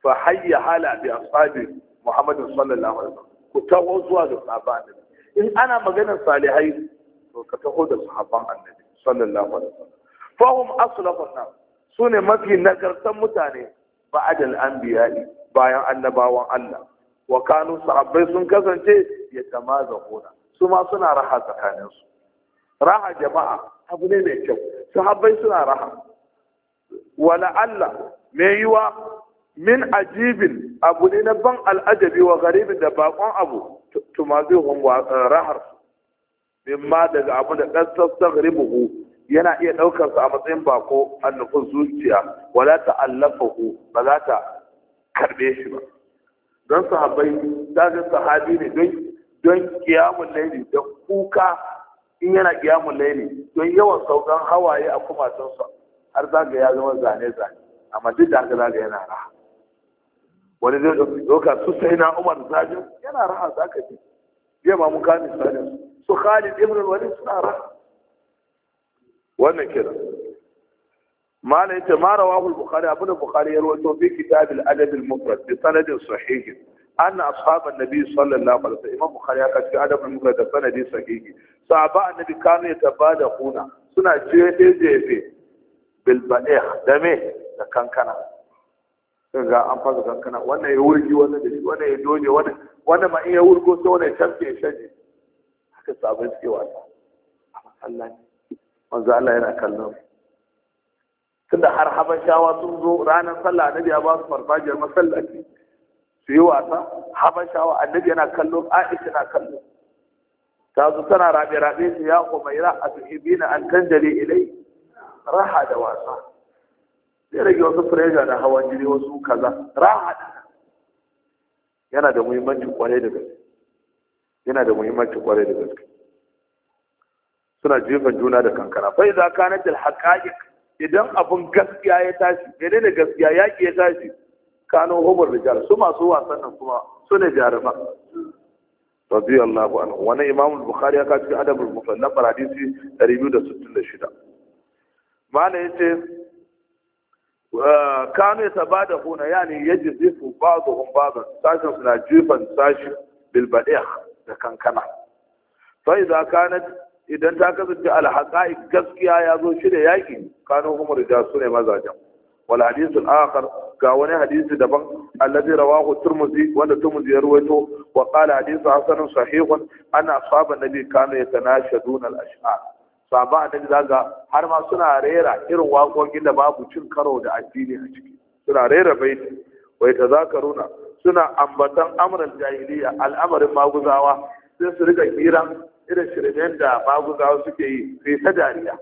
fa hayya hala bi ashabi Muhammad sallallahu alaihi wasallam ku taho zuwa ga sahabban annabi in ana maganar salihai to ka taho da sahabban annabi sallallahu alaihi wasallam Fahim aslafun nas su ne mafi nagartan mutane ba'adal anbiya'i bayan annabawan Allah wa kanu sahabbai sun kasance ya tamazahuna su ma suna raha tsakaninsu. raha jama'a abu ne mai kyau sahabbai suna raha Wani Allah mai yiwa min ajibin abu ne na ban al'ajabi wa garibin da bakon abu tumazihun eh, rahar ma daga abu da ɗan sassan ribuhu yana iya ɗaukar su a matsayin bako an nufin zuciya wala ta allafahu ba za ta karɓe shi ba don sahabbai dajin sahabi ne don don kiyamun laili da kuka in yana kiyamun laili don yawan saukan hawaye a sa har zaga ya zama zane-zane amma duk da haka zaga yana raha wani zai doka su sai na umar zajin yana raha zaka ji zai ma mun kame su su khalid ibn walid suna raha wannan kira mala yace ma rawahu al-bukhari abuna bukhari ya rawaito fi kitab al-adab al-mufrad bi sanad sahih anna ashab an-nabi sallallahu alaihi wasallam imam bukhari ya kace adab al-mufrad da sanadi sahih sahaba annabi kanu yatabadaquna suna jefe jefe bil ba'ih dame da kankana ga an fasa kankana wannan ya wurgi wannan da wannan ya doje wannan wannan ma in ya wurgo sai wannan ya tafke ya shanje haka sabai suke wasa a manzo Allah yana kallon tunda har habashawa sun zo ranar sallah annabi ya ba su farfajiyar masallaci su yi wasa habashawa annabi yana kallo aisha na kallo ta zo tana rabe rabe su ya su a na an tanjale ilai raha da wasa zai rage wasu pressure da hawan jini wasu kaza raha da yana da muhimmanci kwarai da gaske yana da muhimmanci kwarai da gaske suna jefan juna da kankara fa idza kanat al haqa'iq idan abun gaskiya ya tashi idan da gaskiya yaki ya tashi kano hubar rijal su masu wasan nan kuma su ne jaruma radiyallahu anhu wani imam bukhari ya ka cikin adabul mufallal baradisi 266 mala yace kanu ya taba da huna yani yaji zifu bazu hun bazu sashen suna jifan sashi bilbaɗiya da kankana fa idza kanat idan ta kasance alhaqa'iq gaskiya ya zo shi da yaƙi kano kuma rija su ne mazajen wal hadith akhar ga wani hadisi daban alladhi rawahu turmuzi wanda turmuzi ya ruwaito wa qala hadithu hasan sahihun ana ashaban nabi kanu yatanashadun al ash'ar sahaba annabi zaga har ma suna rera irin waƙoƙin da babu cin karo da addini a ciki suna rera baiti wai runa? suna ambatan amuran jahiliya al'amarin maguzawa sai su rika kiran irin shirin da maguzawa suke yi sai ta dariya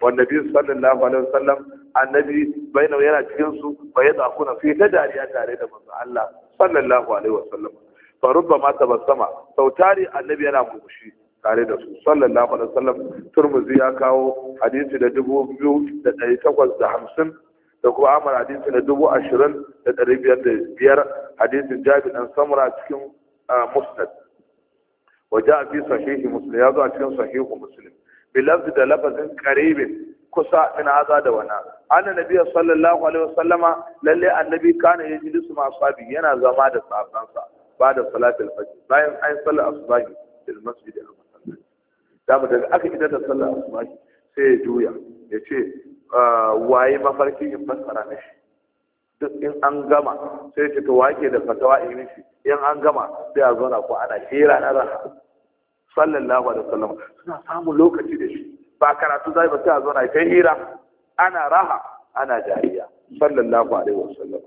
wanda bi sallallahu alaihi wasallam annabi bainau yana cikin su bai da kuna sai ta dariya tare da manzo Allah sallallahu alaihi wasallam fa ma tabassama sautari annabi yana murmushi tare da su sallallahu alaihi wasallam turmuzi ya kawo hadisi da dubu biyu da ɗari takwas da hamsin da kuma amar hadisi da dubu ashirin da ɗari biyar da biyar hadisin jabi ɗan samura cikin ah, musnad وجاء في صحيح a يضع في صحيح مسلم da لفظ قريب kusa min haza da wana anna nabiyyu sallallahu alaihi wasallama lalle annabi kana yajlisu ma ashabi yana zama da sahabbansa ba da salatul fajr bayan an salla asbahi fil masjid al musalli da mu daga aka idan da sallar asbahi sai ya juya ya ce waye mafarki in fassara mishi duk in an gama sai ce to wake da fatawa in mishi in an gama sai a zauna ko ana hira na raha sallallahu alaihi wasallam suna samun lokaci da shi ba karatu zai ba sai a zauna kai hira ana raha ana jariya sallallahu alaihi wasallam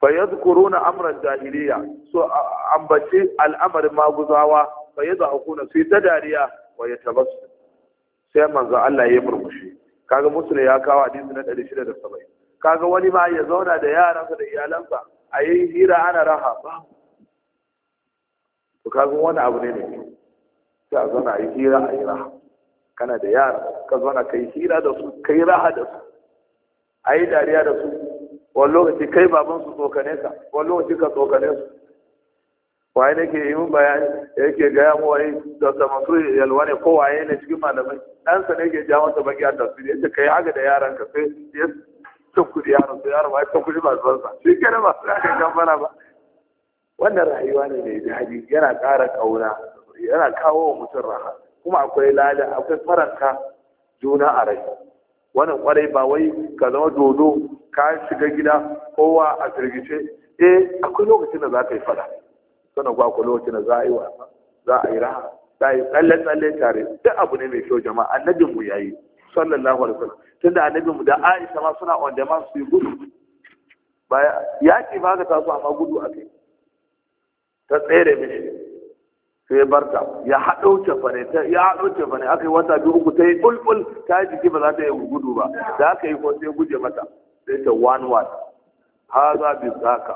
fa yadhkuruna amra jahiliya so ambace al'amarin maguzawa fa yadhakuna sai ta dariya wa yatabassu sai manzo Allah ya murmushi kaga musulmi ya kawo hadisi na 670 kaga wani ma ya zauna da yaransa da iyalansa a yi hira ana raha ba to kaga wani abu ne ne sai a zauna a yi hira a yi raha kana da yara ka zauna ka yi hira da su ka yi raha da su a yi dariya da su wani lokaci kai baban su tsokane ka wani lokaci ka tsokane su waye ne ke yi min bayani ke gaya mu wani da masu yalwa ne ko waye ne cikin malamai ɗansa ne ke ja masa baki a tafsiri ka kai haka da yaranka sai cin kuɗi ya rasu ya rasu ba kuɗi masu banza shi kenan ba su aka gambara ba wannan rayuwa ne mai daɗi yana ƙara ƙauna yana kawo wa mutum raha kuma akwai lada akwai faranta juna a rai wannan kwarai ba wai ka zama dodo ka shiga gida kowa a firgice eh akwai lokacin da za ka yi fada sannan kuwa akwai lokacin da za a yi wasa za a yi raha za a yi tsalle tsalle tare duk abu ne mai kyau jama'a annabinmu ya yi sallallahu alaihi wasallam tunda annabi mu da Aisha ma suna on demand su gudu baya yaki ba ka taso amma gudu a kai ta tsere mishi sai barta ya ta fare ta ya hado ta aka yi wata biyu uku ta yi ɓulɓul ta yi jiki ba za ta yi gudu ba da aka yi ko sai guje mata sai ta one one haza bi zaka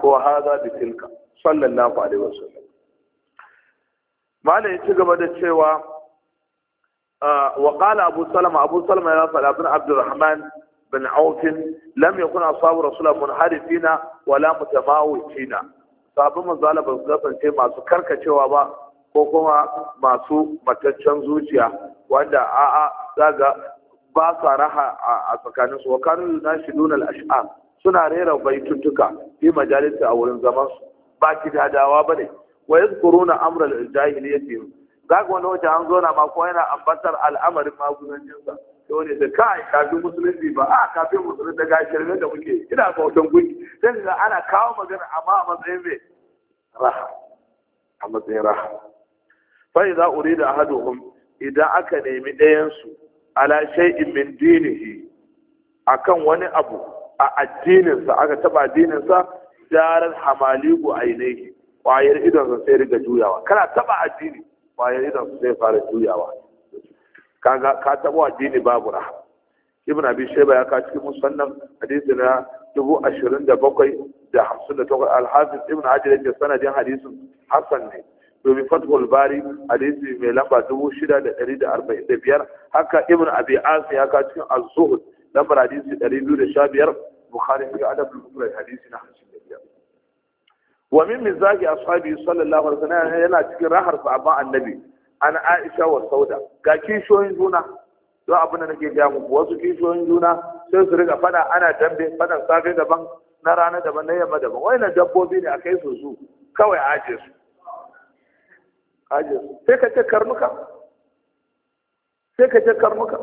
ko haza bi tilka sallallahu alaihi wasallam malai ya ci gaba da cewa وقال أبو سلمة أبو سلمة يا ابن عبد الرحمن بن عوف لم يكن أصحاب رسول الله منحرفين ولا متماوتين sabon manzala ba su kasance masu karkacewa ba ko kuma masu mataccen zuciya wanda a'a zaga ba sa raha a tsakanin su wa kanu yunashidun suna rera baituttuka fi majalisa a wurin zaman su ba kidadawa bane wa yadhkuruna amral al-jahiliyyah za ku wani wajen an na mako ko yana ambatar al'amarin to dole da kai kafin musulunci ba a kafin musulunci da gashirin da muke ina bautan gunki sai da ana kawo magana amma a matsayin me? raha a matsayin raha fa idza urida ahaduhum idan aka nemi ɗayan su ala shay'in min dinihi akan wani abu a addininsa aka taba addininsa jarar hamaligu ainihi kwayar idonsa sai riga juyawa kana taba addini bayan idan zai fara juyawa kaga ka tabo addini babu rahama ibn abi shayba ya ka cikin musannan hadisi na dubu ashirin da bakwai da hamsin da takwas alhafiz ibn hajar yake sanadin hadisin hassan ne domin fathul bari hadisi mai lamba dubu shida da ɗari da arba'in da biyar haka ibn abi asi ya ka cikin az lambar hadisi ɗari biyu da sha biyar bukhari ya adabul mufrad hadisi na hamsin wa min mizaji ashabi sallallahu alaihi wasallam yana cikin rahar sahabban annabi an Aisha wa Sauda ga kishoyin juna don abin da nake ga muku wasu kishoyin juna sai su riga fada ana dambe fadan safe daban na rana daban na yamma daban wayannan dabbobi ne a kai su su kawai aje su aje su sai ka ce karnuka sai ka ce karnuka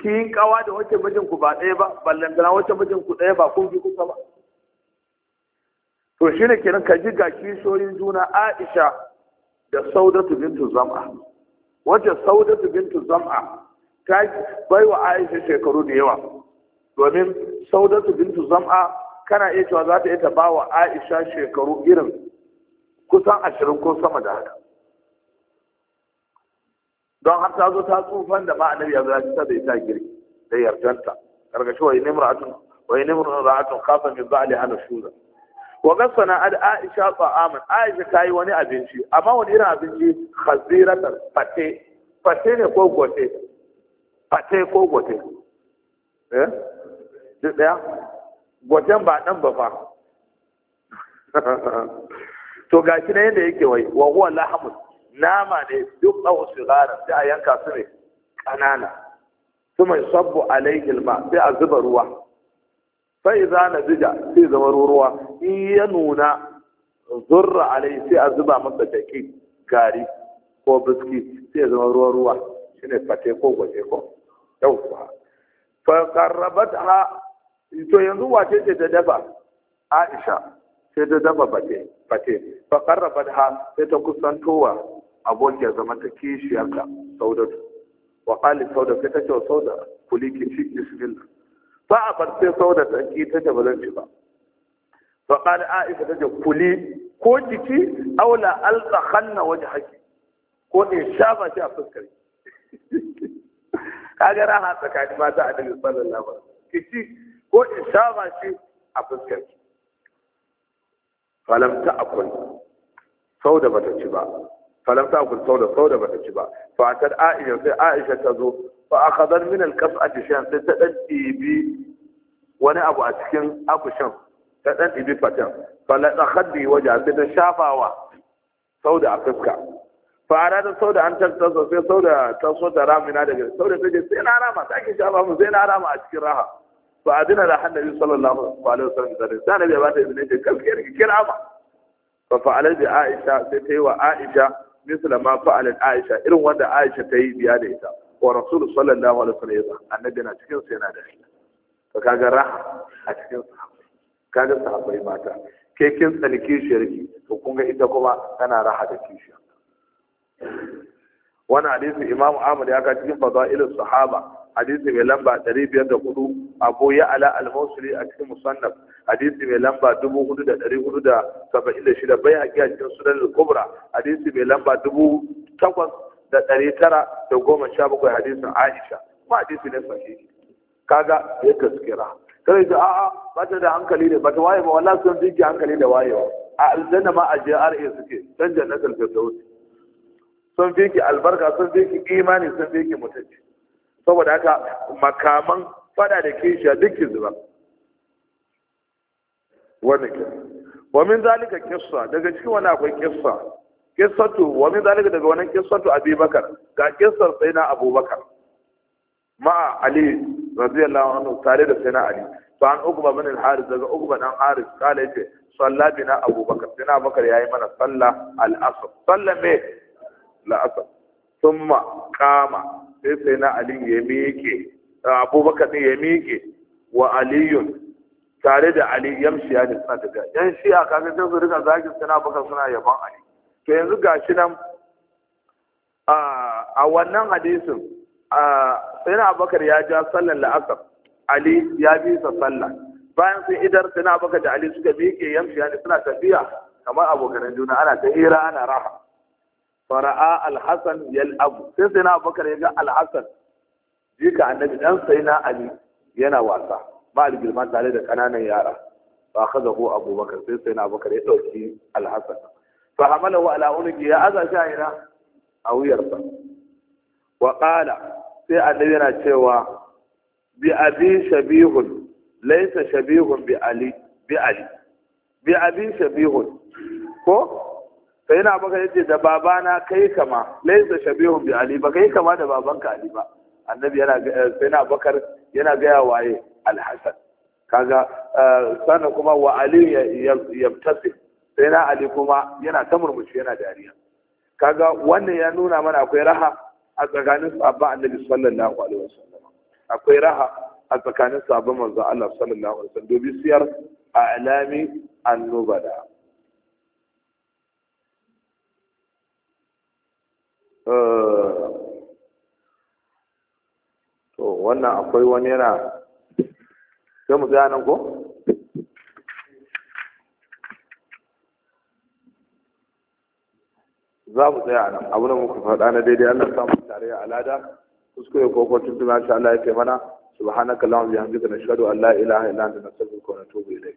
ki yin kawa da wacce mijinku ba ɗaya ba ballantana wacce mijinku ɗaya ba kun bi kusa ba to shi ne kenan ka ji ga kishoyin juna aisha da saudatu bintu zam'a wacce saudatu bintu zam'a ta bai wa aisha shekaru da yawa domin saudatu bintu zam'a kana iya cewa za ta iya ba wa aisha shekaru irin kusan ashirin ko sama da haka don har ta zo ta tsufan da ma annabi ya zaci ta da ita girki da yardanta karkashi wa yi nimra'atun wa yi nimra'atun kafa min ba'ali hana shura wa gasana ad aisha ta'aman aisha ta yi wani abinci amma wani irin abinci khaziratan fate fate ne ko gote fate ko gote eh duk daya goten ba dan ba fa [LAUGHS] to gashi ne yadda yake wai wa huwa lahamun nama ne duk aw sigara sai a yanka su ne kanana su mai sabbu alaihi alma sai a zuba ruwa sai za na zija sai zama ruwa in ya nuna zurra alai sai a zuba masa jaki gari ko biski sai ya zama ruwa ruwa ne fate ko gwaje ko yau ba fa qarrabat ha to yanzu wace ce ta dafa Aisha sai ta dafa fate fate fa qarrabat ha sai ta kusantowa abokiyar zaman ta kishiyarta saudatu wa qali saudatu sai ta ce saudatu kuli kishi bismillah ba a farce sau da tsanki ta ce ba ba fa da aisha ta ce kuli ko jiki aula alqahanna haƙi ko in ba shi a fuskar [LAUGHS] kaga raha tsakanin mata a dalilin sallan labar. wasallam ko in ba shi a fuskar Falamta a kun sau da bata ci ba Falamta a kun sau da sau da bata ci ba fatar aisha sai aisha ta zo fa akhadhan min al-qas'ati shan sai ta ɗan dibi wani abu a cikin abushan ta ɗan dibi fatan fa la takhaddi waja sai ta shafawa sauda a fuska fa arada sauda an tattaso sai sauda ta so ta ramina daga sauda ta je sai na rama ta ke shafa mu sai na rama a cikin raha fa adina da hannabi sallallahu alaihi wasallam da sai nabi ba ta izini da gaskiyar ki kira ma fa fa'ala bi aisha sai ta yi wa aisha misla ma fa'alat aisha irin wanda aisha ta yi biya da ita wa rasul sallallahu alaihi wasallam yasa annabi na cikin su yana da shi to kaga raha a cikin sahabbai kaga sahabbai mata ke kin tsani kishiyarki to kun ga ita kuma tana raha da kishiyar wani hadisi imamu ahmad ya ka cikin fadailus sahaba hadisi mai lamba 504 abu ya ala al-mausuli a cikin musannaf hadisi mai lamba 4476 bai haƙi a cikin sunan al-kubra hadisi mai lamba 8,000 da ɗari tara da goma sha bakwai hadisin aisha ba hadisi ne sahihi kaga ya taskira sai yanzu a'a ba ta da hankali ne ba ta waye ba wallahi sun jiki hankali da wayewa a aljanna ma a JRA suke dan jannatul firdaus sun fiki albarka sun fiki imani sun fiki mutunci saboda haka makaman fada da kishiya duk zuba wannan kisa wa min zalika qissa daga cikin wani akwai qissa qissatu wa min zalika daga wannan qissatu Abi Bakar ga sai na Abubakar ma'a Ali radiyallahu anhu tare da na Ali fa an Uqba bin al-Harith daga Uqba dan Harith kala yace salla bina Abubakar na Abubakar yayi mana salla al-asr salla me la-asr thumma qama sai na Ali ya miƙe Abubakar ne ya miƙe wa Aliyun tare da Ali yamshi ya suna tafiya yan shi a kafin sun rika zagin suna baka suna yaban Ali to yanzu gashi nan a wannan hadisin sai na abakar ya ja sallar la'asar ali ya bi sa sallah bayan sun idar sai na abakar da ali suka miƙe yamshi yani suna tafiya kamar abokan juna ana ta hira ana raha fara'a alhassan yal abu, sai sai na abakar ya ga alhassan jika annabi dan sai na ali yana wasa ba algirma tare da kananan yara ba ka ko abubakar sai sai na Abakar ya ɗauki alhassan fa hamalahu ala unuki ya aza shi a ina a wuyarsa sai annabi yana cewa bi abi shabihun laysa shabihun bi ali bi ali shabihun ko sai na baka yace da babana kai kama laysa shabihun bi ali ba kai kama da babanka ali ba annabi yana sai na bakar yana gaya waye alhasan kaga sannan kuma wa ali yabtasi sai na ali kuma yana ta murmushi yana dariya kaga wannan ya nuna mana akwai raha a tsakanin sahabban annabi sallallahu alaihi wasallam akwai raha a tsakanin sahabban manzo Allah sallallahu alaihi wasallam dobi siyar a alami annubada eh, to wannan akwai wani yana sai mu tsaya nan ko za mu tsaya nan abu da muka faɗa na daidai Allah ta mu tare a lada kuskure ko ko tuntun insha Allah ya kai mana subhanaka allahumma bihamdika Allah an la ilaha illa anta nastaghfiruka wa natubu ilayk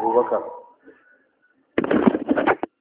Abubakar